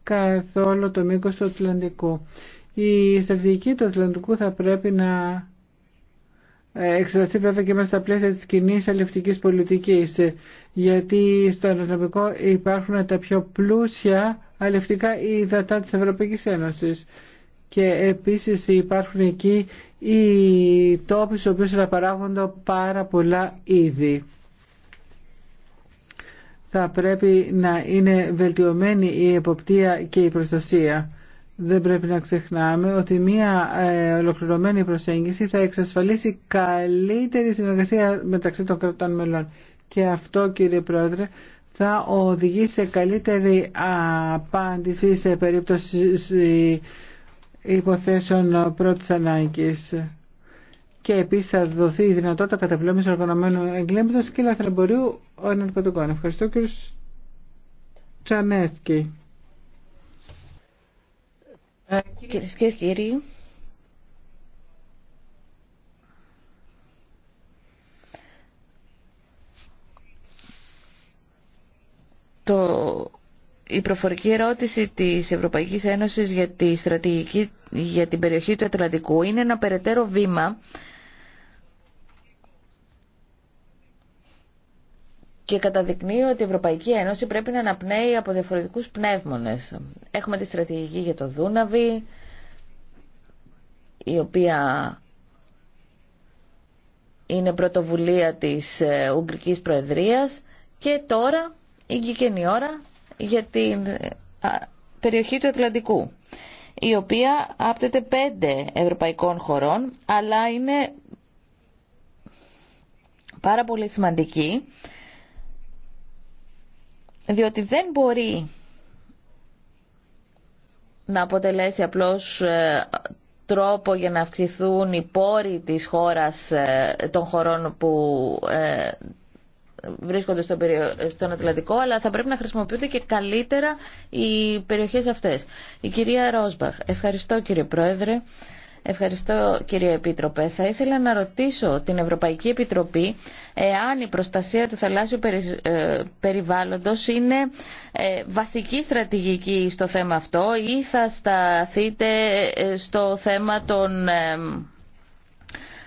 Speaker 1: καθ' όλο το μήκος του Ατλαντικού. Η στρατηγική του Ατλαντικού θα πρέπει να ε, εξεταστεί βέβαια και μέσα στα πλαίσια της κοινή αλληλευτικής πολιτικής γιατί στο Ανατολικό υπάρχουν τα πιο πλούσια αλληλευτικά υδατά της Ευρωπαϊκής Ένωσης και επίσης υπάρχουν εκεί οι τόποι στους οποίους παράγονται πάρα πολλά είδη θα πρέπει να είναι βελτιωμένη η εποπτεία και η προστασία. Δεν πρέπει να ξεχνάμε ότι μία ε, ολοκληρωμένη προσέγγιση θα εξασφαλίσει καλύτερη συνεργασία μεταξύ των κρατών μελών. Και αυτό κύριε Πρόεδρε θα οδηγήσει σε καλύτερη απάντηση σε περίπτωση ε, υποθέσεων πρώτης ανάγκης και επίση θα δοθεί η δυνατότητα καταπλέμησης οργανωμένου εγκλήματο και λαθρεμπορίου εναρκωτικών. Ευχαριστώ ε, κύριε Τσανέσκι. Κυρίε και κύριοι,
Speaker 3: η προφορική ερώτηση της Ευρωπαϊκής Ένωσης για τη στρατηγική για την περιοχή του Ατλαντικού είναι ένα περαιτέρω βήμα και καταδεικνύει ότι η Ευρωπαϊκή Ένωση πρέπει να αναπνέει από διαφορετικούς πνεύμονες. Έχουμε τη στρατηγική για το Δούναβι, η οποία είναι πρωτοβουλία της ε, Ουγγρικής Προεδρίας και τώρα η η ώρα για την ε, περιοχή του Ατλαντικού η οποία άπτεται πέντε ευρωπαϊκών χωρών αλλά είναι πάρα πολύ σημαντική διότι δεν μπορεί να αποτελέσει απλώς ε, τρόπο για να αυξηθούν οι πόροι της χώρας ε, των χωρών που ε, βρίσκονται στον, Ατλαντικό, αλλά θα πρέπει να χρησιμοποιούνται και καλύτερα οι περιοχές αυτές. Η κυρία Ρόσμπαχ, ευχαριστώ κύριε Πρόεδρε. Ευχαριστώ κύριε Επίτροπε. Θα ήθελα να ρωτήσω την Ευρωπαϊκή Επιτροπή εάν η προστασία του θαλάσσιου περι, ε, περιβάλλοντος είναι ε, βασική στρατηγική στο θέμα αυτό ή θα σταθείτε ε, στο θέμα των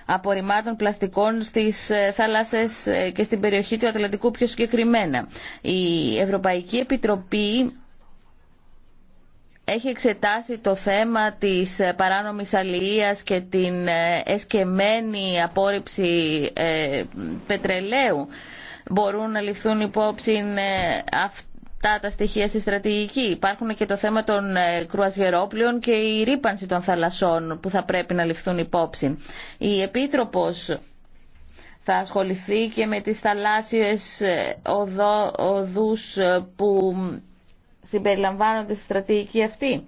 Speaker 3: απορριμμάτων πλαστικών στις θάλασσες και στην περιοχή του Ατλαντικού πιο συγκεκριμένα. Η Ευρωπαϊκή Επιτροπή έχει εξετάσει το θέμα της ε, παράνομης αλληλείας και την ε, εσκεμμένη απόρριψη ε, πετρελαίου. Μπορούν να ληφθούν υπόψη αυτά τα στοιχεία στη στρατηγική. Υπάρχουν και το θέμα των κρουαζιερόπλων και η ρήπανση των θαλασσών που θα πρέπει να ληφθούν υπόψη. Η Επίτροπος θα ασχοληθεί και με τις θαλάσσιες οδό, οδούς που συμπεριλαμβάνονται στη στρατηγική αυτή.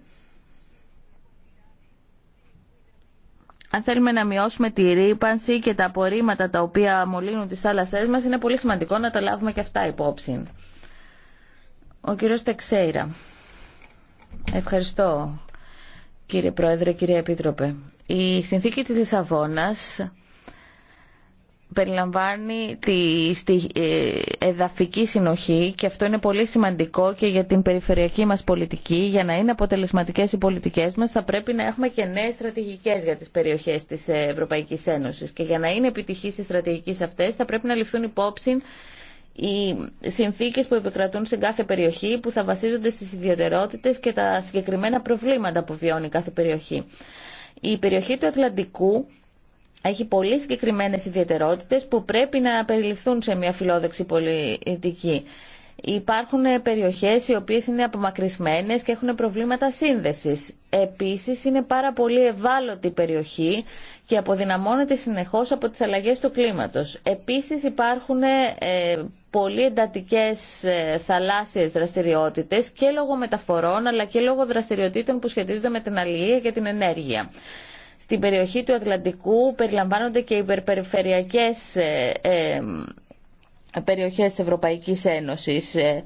Speaker 3: Αν θέλουμε να μειώσουμε τη ρήπανση και τα απορρίμματα τα οποία μολύνουν τις θάλασσές μας, είναι πολύ σημαντικό να τα λάβουμε και αυτά υπόψη. Ο κύριος Τεξέιρα. Ευχαριστώ, κύριε Πρόεδρε, κύριε Επίτροπε. Η συνθήκη της Λισαβόνας περιλαμβάνει τη ε, εδαφική συνοχή και αυτό είναι πολύ σημαντικό και για την περιφερειακή μας πολιτική. Για να είναι αποτελεσματικές οι πολιτικές μας θα πρέπει να έχουμε και νέες στρατηγικές για τις περιοχές της ε, Ευρωπαϊκής Ένωσης και για να είναι επιτυχής οι στρατηγικές αυτές θα πρέπει να ληφθούν υπόψη οι συνθήκες που επικρατούν σε κάθε περιοχή που θα βασίζονται στις ιδιωτερότητες και τα συγκεκριμένα προβλήματα που βιώνει κάθε περιοχή. Η περιοχή του Ατλαντικού έχει πολύ συγκεκριμένε ιδιαιτερότητε που πρέπει να περιληφθούν σε μια φιλόδοξη πολιτική. Υπάρχουν περιοχέ οι οποίε είναι απομακρυσμένε και έχουν προβλήματα σύνδεση. Επίση είναι πάρα πολύ ευάλωτη περιοχή και αποδυναμώνεται συνεχώ από τι αλλαγέ του κλίματο. Επίση, υπάρχουν ε, πολύ εντατικές ε, θαλάσσιες δραστηριότητε και λόγω μεταφορών αλλά και λόγω δραστηριοτήτων που σχετίζονται με την αλληλεία και την ενέργεια. Στην περιοχή του Ατλαντικού περιλαμβάνονται και υπερπεριφερειακές ε, ε, περιοχές της Ευρωπαϊκής Ένωσης. Ε,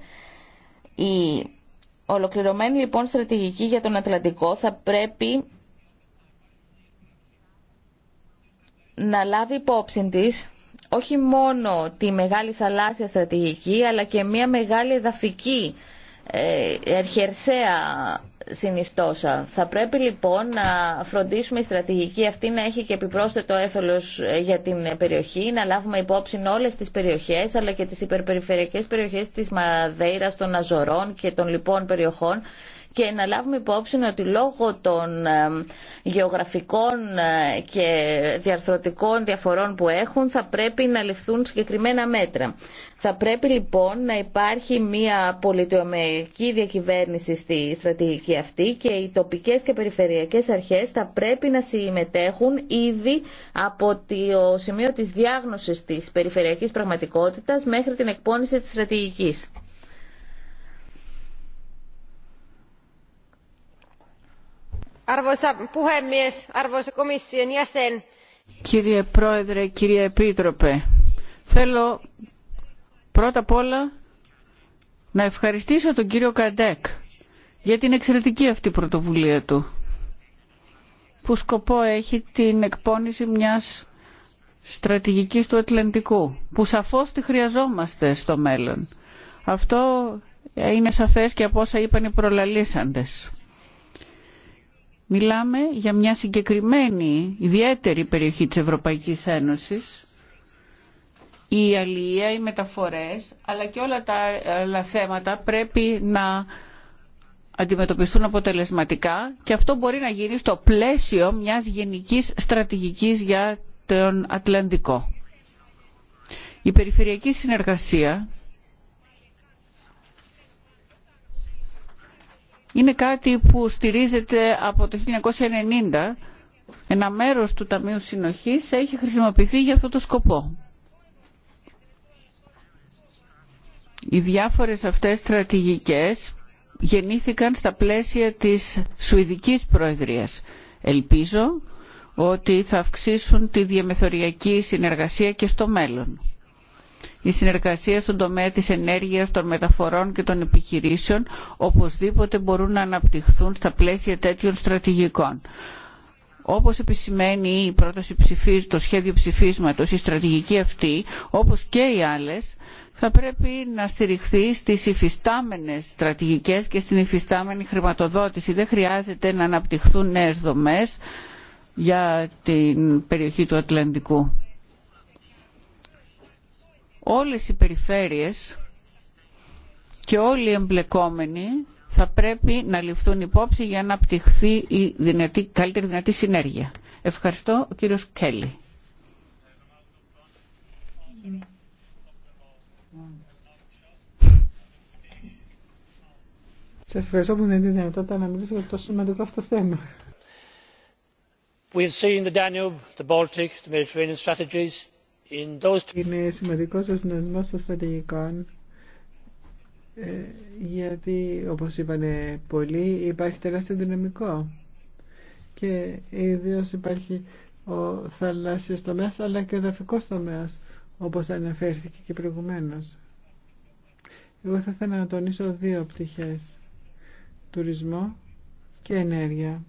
Speaker 3: η ολοκληρωμένη λοιπόν στρατηγική για τον Ατλαντικό θα πρέπει να λάβει υπόψη της όχι μόνο τη μεγάλη θαλάσσια στρατηγική αλλά και μια μεγάλη εδαφική ε, συνιστόσα. Θα πρέπει λοιπόν να φροντίσουμε η στρατηγική αυτή να έχει και επιπρόσθετο έθελος ε, για την ε, περιοχή, να λάβουμε υπόψη όλες τις περιοχές, αλλά και τις υπερπεριφερειακές περιοχές της Μαδέιρας, των Αζωρών και των λοιπών περιοχών, και να λάβουμε υπόψη ότι λόγω των ε, γεωγραφικών ε, και διαρθρωτικών διαφορών που έχουν θα πρέπει να ληφθούν συγκεκριμένα μέτρα. Θα πρέπει λοιπόν να υπάρχει μια πολιτιομερική διακυβέρνηση στη στρατηγική αυτή και οι τοπικές και περιφερειακές αρχές θα πρέπει να συμμετέχουν ήδη από το σημείο της διάγνωσης της περιφερειακής πραγματικότητας μέχρι την εκπόνηση της στρατηγικής.
Speaker 2: Κύριε Πρόεδρε, κύριε Επίτροπε, θέλω πρώτα απ' όλα να ευχαριστήσω τον κύριο Καντέκ για την εξαιρετική αυτή πρωτοβουλία του που σκοπό έχει την εκπόνηση μιας στρατηγικής του Ατλαντικού που σαφώς τη χρειαζόμαστε στο μέλλον. Αυτό είναι σαφές και από όσα είπαν οι προλαλήσαντες. Μιλάμε για μια συγκεκριμένη, ιδιαίτερη περιοχή της Ευρωπαϊκής Ένωσης. Η αλληλεία, οι μεταφορές, αλλά και όλα τα άλλα θέματα πρέπει να αντιμετωπιστούν αποτελεσματικά και αυτό μπορεί να γίνει στο πλαίσιο μιας γενικής στρατηγικής για τον Ατλαντικό. Η περιφερειακή συνεργασία είναι κάτι που στηρίζεται από το 1990. Ένα μέρος του Ταμείου Συνοχής έχει χρησιμοποιηθεί για αυτό το σκοπό. Οι διάφορες αυτές στρατηγικές γεννήθηκαν στα πλαίσια της Σουηδικής Προεδρίας. Ελπίζω ότι θα αυξήσουν τη διαμεθοριακή συνεργασία και στο μέλλον η συνεργασία στον τομέα της ενέργειας, των μεταφορών και των επιχειρήσεων οπωσδήποτε μπορούν να αναπτυχθούν στα πλαίσια τέτοιων στρατηγικών. Όπως επισημαίνει η πρόταση το σχέδιο ψηφίσματος, η στρατηγική αυτή, όπως και οι άλλες, θα πρέπει να στηριχθεί στις υφιστάμενες στρατηγικές και στην υφιστάμενη χρηματοδότηση. Δεν χρειάζεται να αναπτυχθούν νέες δομές για την περιοχή του Ατλαντικού όλες οι περιφέρειες και όλοι οι εμπλεκόμενοι θα πρέπει να ληφθούν υπόψη για να απτυχθεί η δυνατή, καλύτερη δυνατή συνέργεια. Ευχαριστώ, ο κύριος Κέλλη.
Speaker 1: Σας ευχαριστώ που δίνετε τη δυνατότητα να μιλήσω για το σημαντικό αυτό θέμα. We have seen the Danube, the Baltic, the Mediterranean strategies είναι σημαντικό ο συνδυασμός των στρατηγικών ε, γιατί όπως είπανε πολλοί υπάρχει τεράστιο δυναμικό και ιδίω υπάρχει ο θαλάσσιος τομέας αλλά και ο δαφικός τομέας όπως αναφέρθηκε και προηγουμένως. Εγώ θα ήθελα να τονίσω δύο πτυχές τουρισμό και ενέργεια.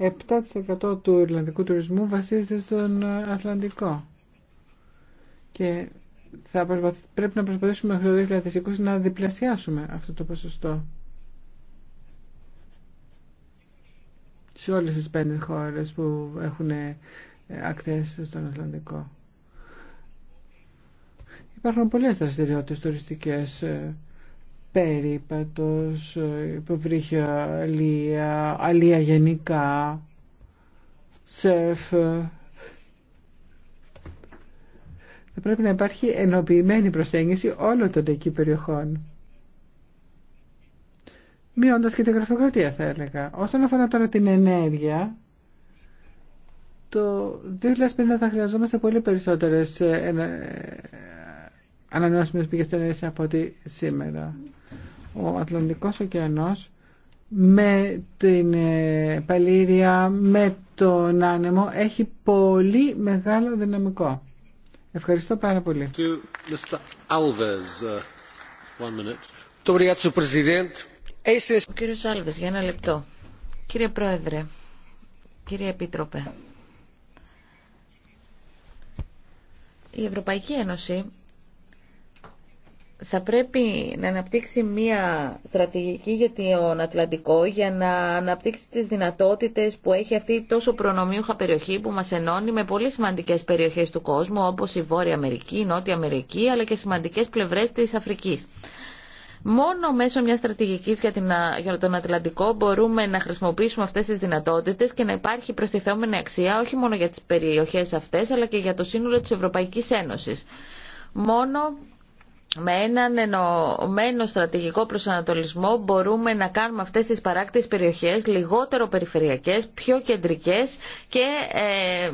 Speaker 1: 7% του Ιρλανδικού τουρισμού βασίζεται στον Ατλαντικό. Και θα πρέπει να προσπαθήσουμε μέχρι το 2020 να διπλασιάσουμε αυτό το ποσοστό. Σε όλες τις πέντε χώρες που έχουν ε, ακτές στον Ατλαντικό. Υπάρχουν πολλές δραστηριότητες τουριστικές ε, περίπατος, υποβρύχια αλία, αλία γενικά, σερφ. Θα πρέπει να υπάρχει ενοποιημένη προσέγγιση όλων των εκεί περιοχών. Μειώντα και την γραφειοκρατία θα έλεγα. Όσον αφορά τώρα την ενέργεια, το 2050 θα χρειαζόμαστε πολύ περισσότερες ε, ε, ανανεώσιμες πηγές ενέργειας από ό,τι σήμερα ο Ατλαντικός ωκεανός με την ε, παλήρια, με τον άνεμο έχει πολύ μεγάλο δυναμικό. Ευχαριστώ πάρα πολύ. Uh, ο Άλβες, ένα λεπτό. Κύριε
Speaker 3: Πρόεδρε, κύριε Επίτροπε, η Ευρωπαϊκή Ένωση θα πρέπει να αναπτύξει μία στρατηγική για τον Ατλαντικό για να αναπτύξει τις δυνατότητες που έχει αυτή η τόσο προνομίουχα περιοχή που μας ενώνει με πολύ σημαντικές περιοχές του κόσμου όπως η Βόρεια Αμερική, η Νότια Αμερική αλλά και σημαντικές πλευρές της Αφρικής. Μόνο μέσω μιας στρατηγικής για, για τον Ατλαντικό μπορούμε να χρησιμοποιήσουμε αυτές τις δυνατότητες και να υπάρχει προστιθέμενη αξία όχι μόνο για τις περιοχές αυτές αλλά και για το σύνολο της Ευρωπαϊκής Ένωσης. Μόνο με έναν ενωμένο στρατηγικό προσανατολισμό μπορούμε να κάνουμε αυτές τις παράκτης περιοχές λιγότερο περιφερειακές, πιο κεντρικές και ε,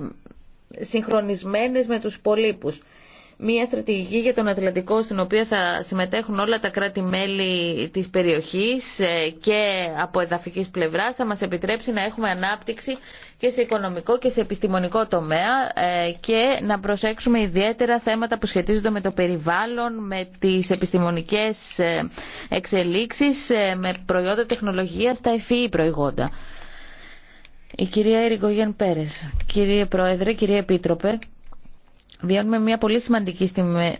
Speaker 3: συγχρονισμένες με τους υπολείπους μια στρατηγική για τον Ατλαντικό στην οποία θα συμμετέχουν όλα τα κράτη-μέλη της περιοχής ε, και από εδαφικής πλευράς θα μας επιτρέψει να έχουμε ανάπτυξη και σε οικονομικό και σε επιστημονικό τομέα ε, και να προσέξουμε ιδιαίτερα θέματα που σχετίζονται με το περιβάλλον, με τις επιστημονικές ε, εξελίξεις, με προϊόντα τεχνολογίας, τα ΕΦΗ προηγόντα. Η κυρία Ερικογέν Πέρες, κύριε Πρόεδρε, κύριε Επίτροπε, βιώνουμε μια πολύ σημαντική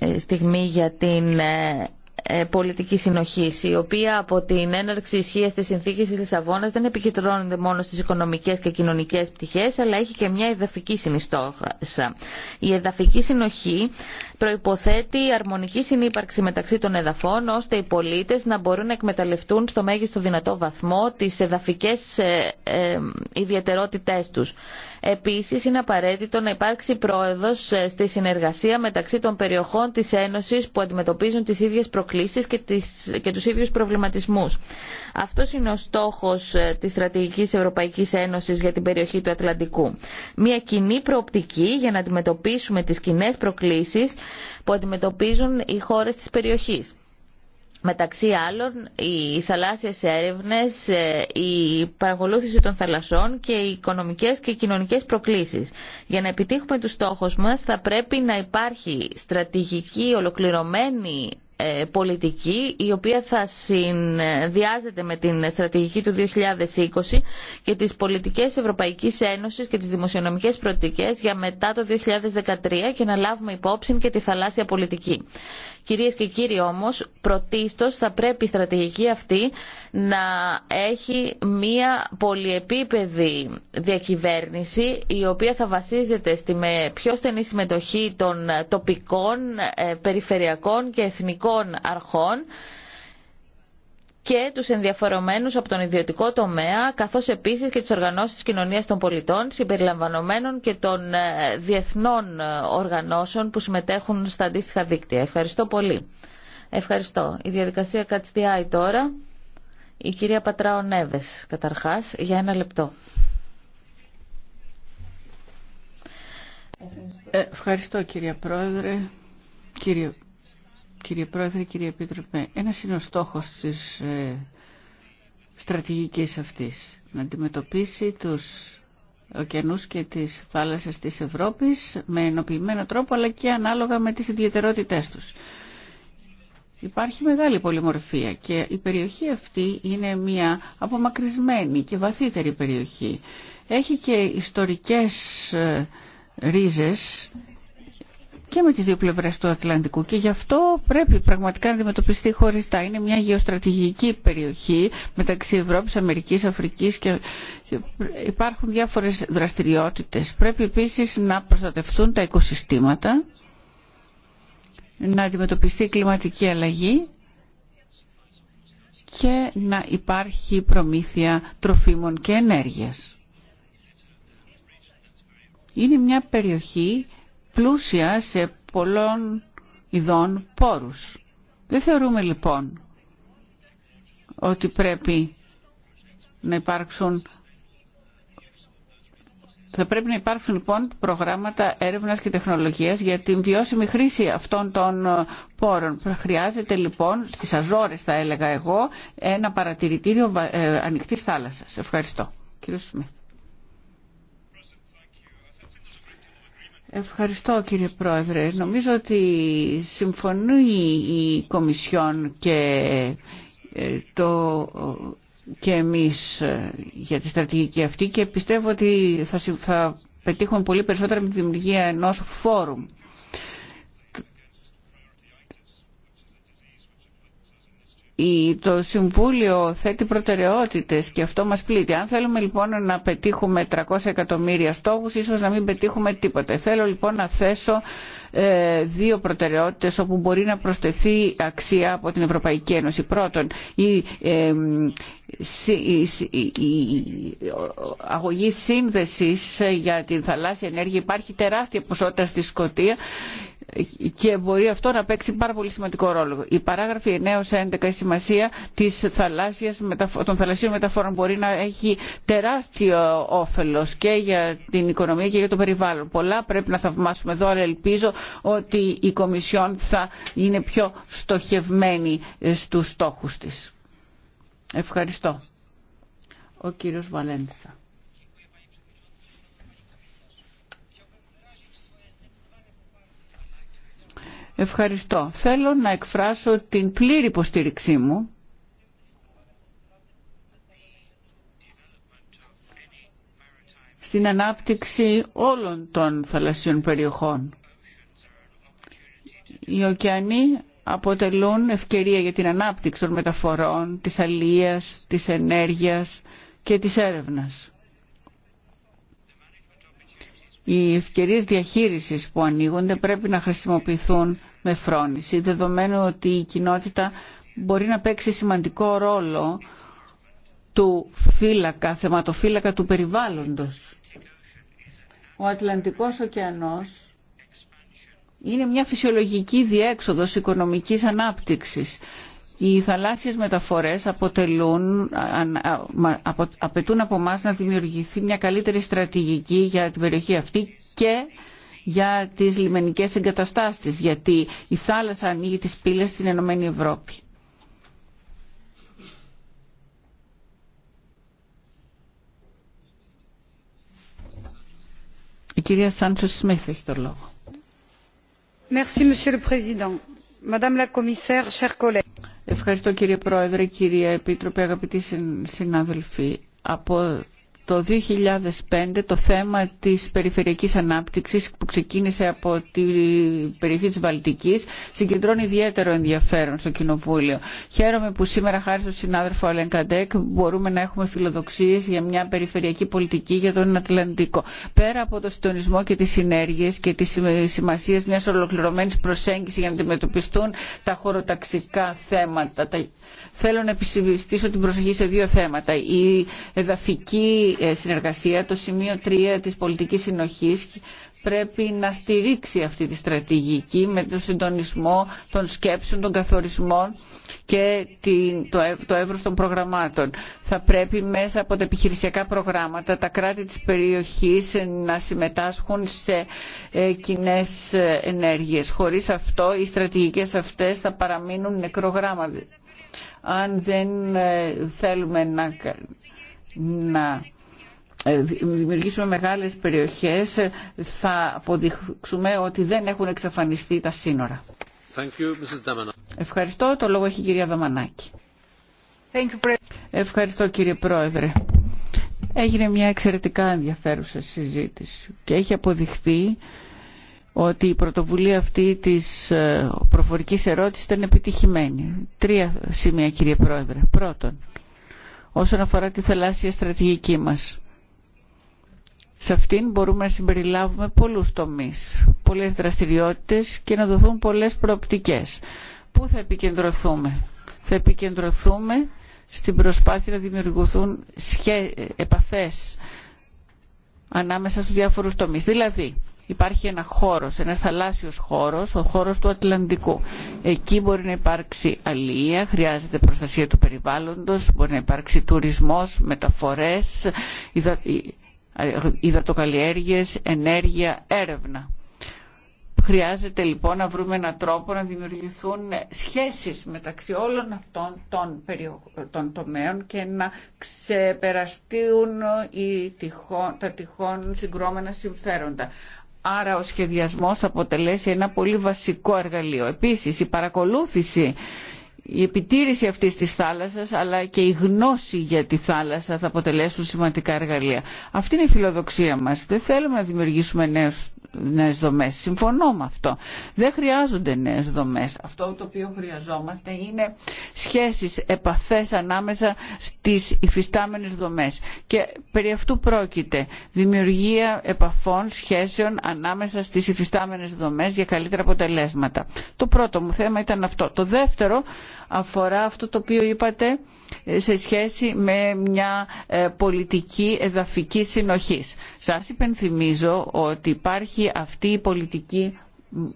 Speaker 3: ε, στιγμή για την ε, ε, πολιτική συνοχή, η οποία από την έναρξη ισχύα τη συνθήκη τη Λισαβόνα δεν επικεντρώνεται μόνο στι οικονομικέ και κοινωνικέ πτυχέ, αλλά έχει και μια εδαφική συνιστόχα. Η εδαφική συνοχή προποθέτει αρμονική συνύπαρξη μεταξύ των εδαφών, ώστε οι πολίτε να μπορούν να εκμεταλλευτούν στο μέγιστο δυνατό βαθμό τι εδαφικέ ιδιαιτερότητέ του. Επίσης, είναι απαραίτητο να υπάρξει πρόεδρος ε, στη συνεργασία μεταξύ των περιοχών της Ένωσης που αντιμετωπίζουν τις ίδιες προκλήσεις και, τους ίδιους προβληματισμούς. Αυτό είναι ο στόχο ε, τη Στρατηγική Ευρωπαϊκή Ένωση για την περιοχή του Ατλαντικού. Μια κοινή προοπτική για να αντιμετωπίσουμε τι κοινέ προκλήσει που αντιμετωπίζουν οι χώρε τη περιοχή. Μεταξύ άλλων, οι θαλάσσιες έρευνες, ε, η παρακολούθηση των θαλασσών και οι οικονομικές και κοινωνικές προκλήσεις. Για να επιτύχουμε τους στόχους μας θα πρέπει να υπάρχει στρατηγική, ολοκληρωμένη ε, πολιτική η οποία θα συνδυάζεται με την στρατηγική του 2020 και τις πολιτικές Ευρωπαϊκής Ένωσης και τις δημοσιονομικές προοπτικές για μετά το 2013 και να λάβουμε υπόψη και τη θαλάσσια πολιτική. Κυρίες και κύριοι όμως, πρωτίστως θα πρέπει η στρατηγική αυτή να έχει μία πολυεπίπεδη διακυβέρνηση η οποία θα βασίζεται στη με πιο στενή συμμετοχή των τοπικών, ε, περιφερειακών και εθνικών αρχών και τους ενδιαφερομένους από τον ιδιωτικό τομέα, καθώς επίσης και τις οργανώσεις Κοινωνία κοινωνίας των πολιτών, συμπεριλαμβανομένων και των ε, διεθνών ε, οργανώσεων που συμμετέχουν στα αντίστοιχα δίκτυα. Ευχαριστώ πολύ. Ευχαριστώ. Η διαδικασία κατστιάει τώρα. Η κυρία Πατράο Νέβες, καταρχάς, για ένα λεπτό.
Speaker 2: Ε, ευχαριστώ, κύριε Πρόεδρε. Κύριε κύριε Πρόεδρε, κύριε Επίτροπε. Ένας είναι ο στόχος της ε, στρατηγικής αυτής. Να αντιμετωπίσει τους ωκεανούς και τις θάλασσες της Ευρώπης με ενοποιημένο τρόπο αλλά και ανάλογα με τις ιδιαιτερότητές τους. Υπάρχει μεγάλη πολυμορφία και η περιοχή αυτή είναι μια απομακρυσμένη και βαθύτερη περιοχή. Έχει και ιστορικές ε, ρίζες και με τις δύο πλευρές του Ατλαντικού και γι' αυτό πρέπει πραγματικά να αντιμετωπιστεί χωριστά. Είναι μια γεωστρατηγική περιοχή μεταξύ Ευρώπης, Αμερικής, Αφρικής και υπάρχουν διάφορες δραστηριότητες. Πρέπει επίσης να προστατευτούν τα οικοσυστήματα, να αντιμετωπιστεί η κλιματική αλλαγή και να υπάρχει προμήθεια τροφίμων και ενέργειας. Είναι μια περιοχή πλούσια σε πολλών ειδών πόρους. Δεν θεωρούμε λοιπόν ότι πρέπει να υπάρξουν θα πρέπει να υπάρξουν λοιπόν προγράμματα έρευνας και τεχνολογίας για την βιώσιμη χρήση αυτών των ε, πόρων. Χρειάζεται λοιπόν στις Αζόρες θα έλεγα εγώ ένα παρατηρητήριο ε, ανοιχτής θάλασσας. Ευχαριστώ. κύριε Σμίθ. Ευχαριστώ κύριε Πρόεδρε. Νομίζω ότι συμφωνεί η Κομισιόν και, ε, το, και εμείς ε, για τη στρατηγική αυτή και πιστεύω ότι θα, θα πετύχουν πολύ περισσότερα με τη δημιουργία ενός φόρουμ το Συμβούλιο θέτει προτεραιότητες και αυτό μας πλήττει. Αν θέλουμε λοιπόν να πετύχουμε 300 εκατομμύρια στόχους, ίσως να μην πετύχουμε τίποτε. Θέλω λοιπόν να θέσω ε, δύο προτεραιότητες όπου μπορεί να προσθεθεί αξία από την Ευρωπαϊκή Ένωση. Πρώτον, η, αγωγή σύνδεσης για την θαλάσσια ενέργεια υπάρχει τεράστια ποσότητα στη Σκωτία και μπορεί αυτό να παίξει πάρα πολύ σημαντικό ρόλο. Η παράγραφη 9 11 η σημασία της των θαλασσίων μεταφορών μπορεί να έχει τεράστιο όφελος και για την οικονομία και για το περιβάλλον. Πολλά πρέπει να θαυμάσουμε εδώ, αλλά ελπίζω ότι η Κομισιόν θα είναι πιο στοχευμένη ε, στους στόχους της. Ευχαριστώ. Ο κύριος Ευχαριστώ. Θέλω να εκφράσω την πλήρη υποστήριξή μου στην ανάπτυξη όλων των θαλασσιών περιοχών. Οι ωκεανοί αποτελούν ευκαιρία για την ανάπτυξη των μεταφορών, της αλίας, της ενέργειας και της έρευνας οι ευκαιρίες διαχείρισης που ανοίγονται πρέπει να χρησιμοποιηθούν με φρόνηση, δεδομένου ότι η κοινότητα μπορεί να παίξει σημαντικό ρόλο του φύλακα, θεματοφύλακα του περιβάλλοντος. Ο Ατλαντικός ωκεανός είναι μια φυσιολογική διέξοδος οικονομικής ανάπτυξης. Οι θαλάσσιες μεταφορές αποτελούν, απαιτούν από εμά να δημιουργηθεί μια καλύτερη στρατηγική για την περιοχή αυτή και για τις λιμενικές εγκαταστάσεις, γιατί η θάλασσα ανοίγει τις πύλες στην Ενωμένη ΕΕ. Ευρώπη. Η κυρία Σάντσο Σμίθ έχει το λόγο. Merci, Monsieur le Président. Madame la Commissaire, chers collègues. Ευχαριστώ κύριε Πρόεδρε, κύριε Επίτροπε, αγαπητοί συνάδελφοι. Από το 2005 το θέμα της περιφερειακής ανάπτυξης που ξεκίνησε από τη περιοχή της Βαλτικής συγκεντρώνει ιδιαίτερο ενδιαφέρον στο Κοινοβούλιο. Χαίρομαι που σήμερα χάρη στον συνάδελφο Αλέν Καντέκ μπορούμε να έχουμε φιλοδοξίες για μια περιφερειακή πολιτική για τον Ατλαντικό. Πέρα από το συντονισμό και τις συνέργειες και τις σημασίες μιας ολοκληρωμένης προσέγγισης για να αντιμετωπιστούν τα χωροταξικά θέματα. Θέλω να επισημιστήσω την προσοχή σε δύο θέματα. Η εδαφική ε, συνεργασία, το σημείο 3 της πολιτικής συνοχής πρέπει να στηρίξει αυτή τη στρατηγική με τον συντονισμό των σκέψεων, των καθορισμών και το εύρος των προγραμμάτων. Θα πρέπει μέσα από τα επιχειρησιακά προγράμματα τα κράτη της περιοχής να συμμετάσχουν σε ε, κοινέ ε, ενέργειες. Χωρίς αυτό οι στρατηγικές αυτές θα παραμείνουν νεκρογράμματα. Αν δεν θέλουμε να ε, δημιουργήσουμε μεγάλες περιοχές θα αποδείξουμε ότι δεν έχουν εξαφανιστεί τα σύνορα. Ευχαριστώ. Το λόγο έχει η κυρία Δαμανάκη. Ευχαριστώ κύριε Πρόεδρε. Έγινε μια εξαιρετικά ενδιαφέρουσα συζήτηση και έχει αποδειχθεί ότι η πρωτοβουλία αυτή της ε, προφορικής ερώτησης ήταν επιτυχημένη. Τρία σημεία κύριε Πρόεδρε. Πρώτον, όσον αφορά τη θελάσσια στρατηγική μας σε αυτήν μπορούμε να συμπεριλάβουμε πολλούς τομείς, πολλές δραστηριότητες και να δοθούν πολλές προοπτικές. Πού θα επικεντρωθούμε. Θα επικεντρωθούμε στην προσπάθεια να δημιουργηθούν επαφέ επαφές ανάμεσα στους διάφορους τομείς. Δηλαδή, υπάρχει ένα χώρος, ένας θαλάσσιος χώρος, ο χώρος του Ατλαντικού. Εκεί μπορεί να υπάρξει αλληλεία, χρειάζεται προστασία του περιβάλλοντος, μπορεί να υπάρξει τουρισμός, μεταφορές, ε, υδατοκαλλιέργειες, ενέργεια, έρευνα. Χρειάζεται λοιπόν να βρούμε έναν τρόπο να δημιουργηθούν σχέσεις μεταξύ όλων αυτών των, τομέων και να ξεπεραστούν οι τυχόν, τα τυχόν συγκρόμενα συμφέροντα. Άρα ο σχεδιασμός θα αποτελέσει ένα πολύ βασικό εργαλείο. Επίσης η παρακολούθηση η επιτήρηση αυτής της θάλασσας αλλά και η γνώση για τη θάλασσα θα αποτελέσουν σημαντικά εργαλεία. Αυτή είναι η φιλοδοξία μας. Δεν θέλουμε να δημιουργήσουμε νέους, νέες δομές. Συμφωνώ με αυτό. Δεν χρειάζονται νέες δομές. Αυτό το οποίο χρειαζόμαστε είναι σχέσεις, επαφές ανάμεσα στις υφιστάμενες δομές. Και περί αυτού πρόκειται δημιουργία επαφών, σχέσεων ανάμεσα στις υφιστάμενες δομές για καλύτερα αποτελέσματα. Το πρώτο μου θέμα ήταν αυτό. Το δεύτερο αφορά αυτό το οποίο είπατε ε, σε σχέση με μια ε, πολιτική εδαφική συνοχής. Σας υπενθυμίζω ότι υπάρχει αυτή η πολιτική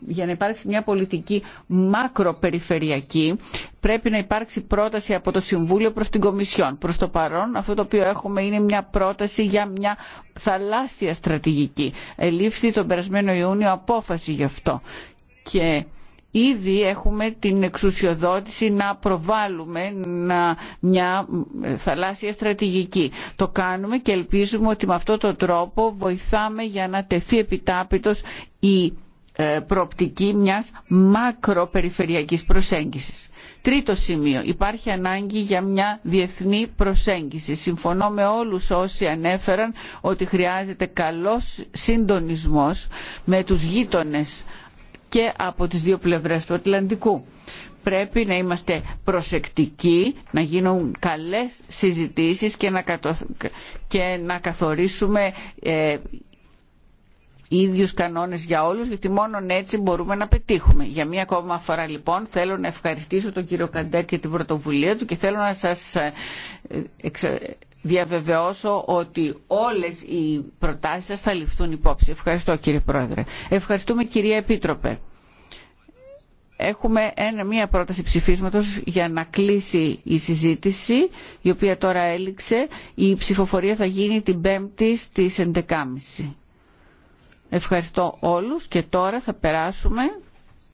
Speaker 2: για να υπάρξει μια πολιτική μακροπεριφερειακή πρέπει να υπάρξει πρόταση από το Συμβούλιο προς την Κομισιόν. Προς το παρόν αυτό το οποίο έχουμε είναι μια πρόταση για μια θαλάσσια στρατηγική. Ελήφθη τον περασμένο Ιούνιο απόφαση γι' αυτό ήδη έχουμε την εξουσιοδότηση να προβάλλουμε μια θαλάσσια στρατηγική. Το κάνουμε και ελπίζουμε ότι με αυτόν τον τρόπο βοηθάμε για να τεθεί επιτάπητος η ε, προοπτική μιας μακροπεριφερειακής προσέγγισης. Τρίτο σημείο. Υπάρχει ανάγκη για μια διεθνή προσέγγιση. Συμφωνώ με όλους όσοι ανέφεραν ότι χρειάζεται καλός συντονισμός με τους γείτονες και από τις δύο πλευρές του Ατλαντικού. Πρέπει να είμαστε προσεκτικοί, να γίνουν καλές συζητήσεις και να, και να καθορίσουμε ε, ίδιους κανόνες για όλους, γιατί μόνο έτσι μπορούμε να πετύχουμε. Για μία ακόμα φορά λοιπόν θέλω να ευχαριστήσω τον κύριο Καντέρ και την πρωτοβουλία του και θέλω να σας ε, διαβεβαιώσω ότι όλες οι προτάσεις σας θα ληφθούν υπόψη. Ευχαριστώ κύριε Πρόεδρε. Ευχαριστούμε κυρία Επίτροπε. Έχουμε ένα, μία πρόταση ψηφίσματος για να κλείσει η συζήτηση, η οποία τώρα έληξε. Η ψηφοφορία θα γίνει την Πέμπτη της στις 11.30. Ευχαριστώ όλους και τώρα θα περάσουμε...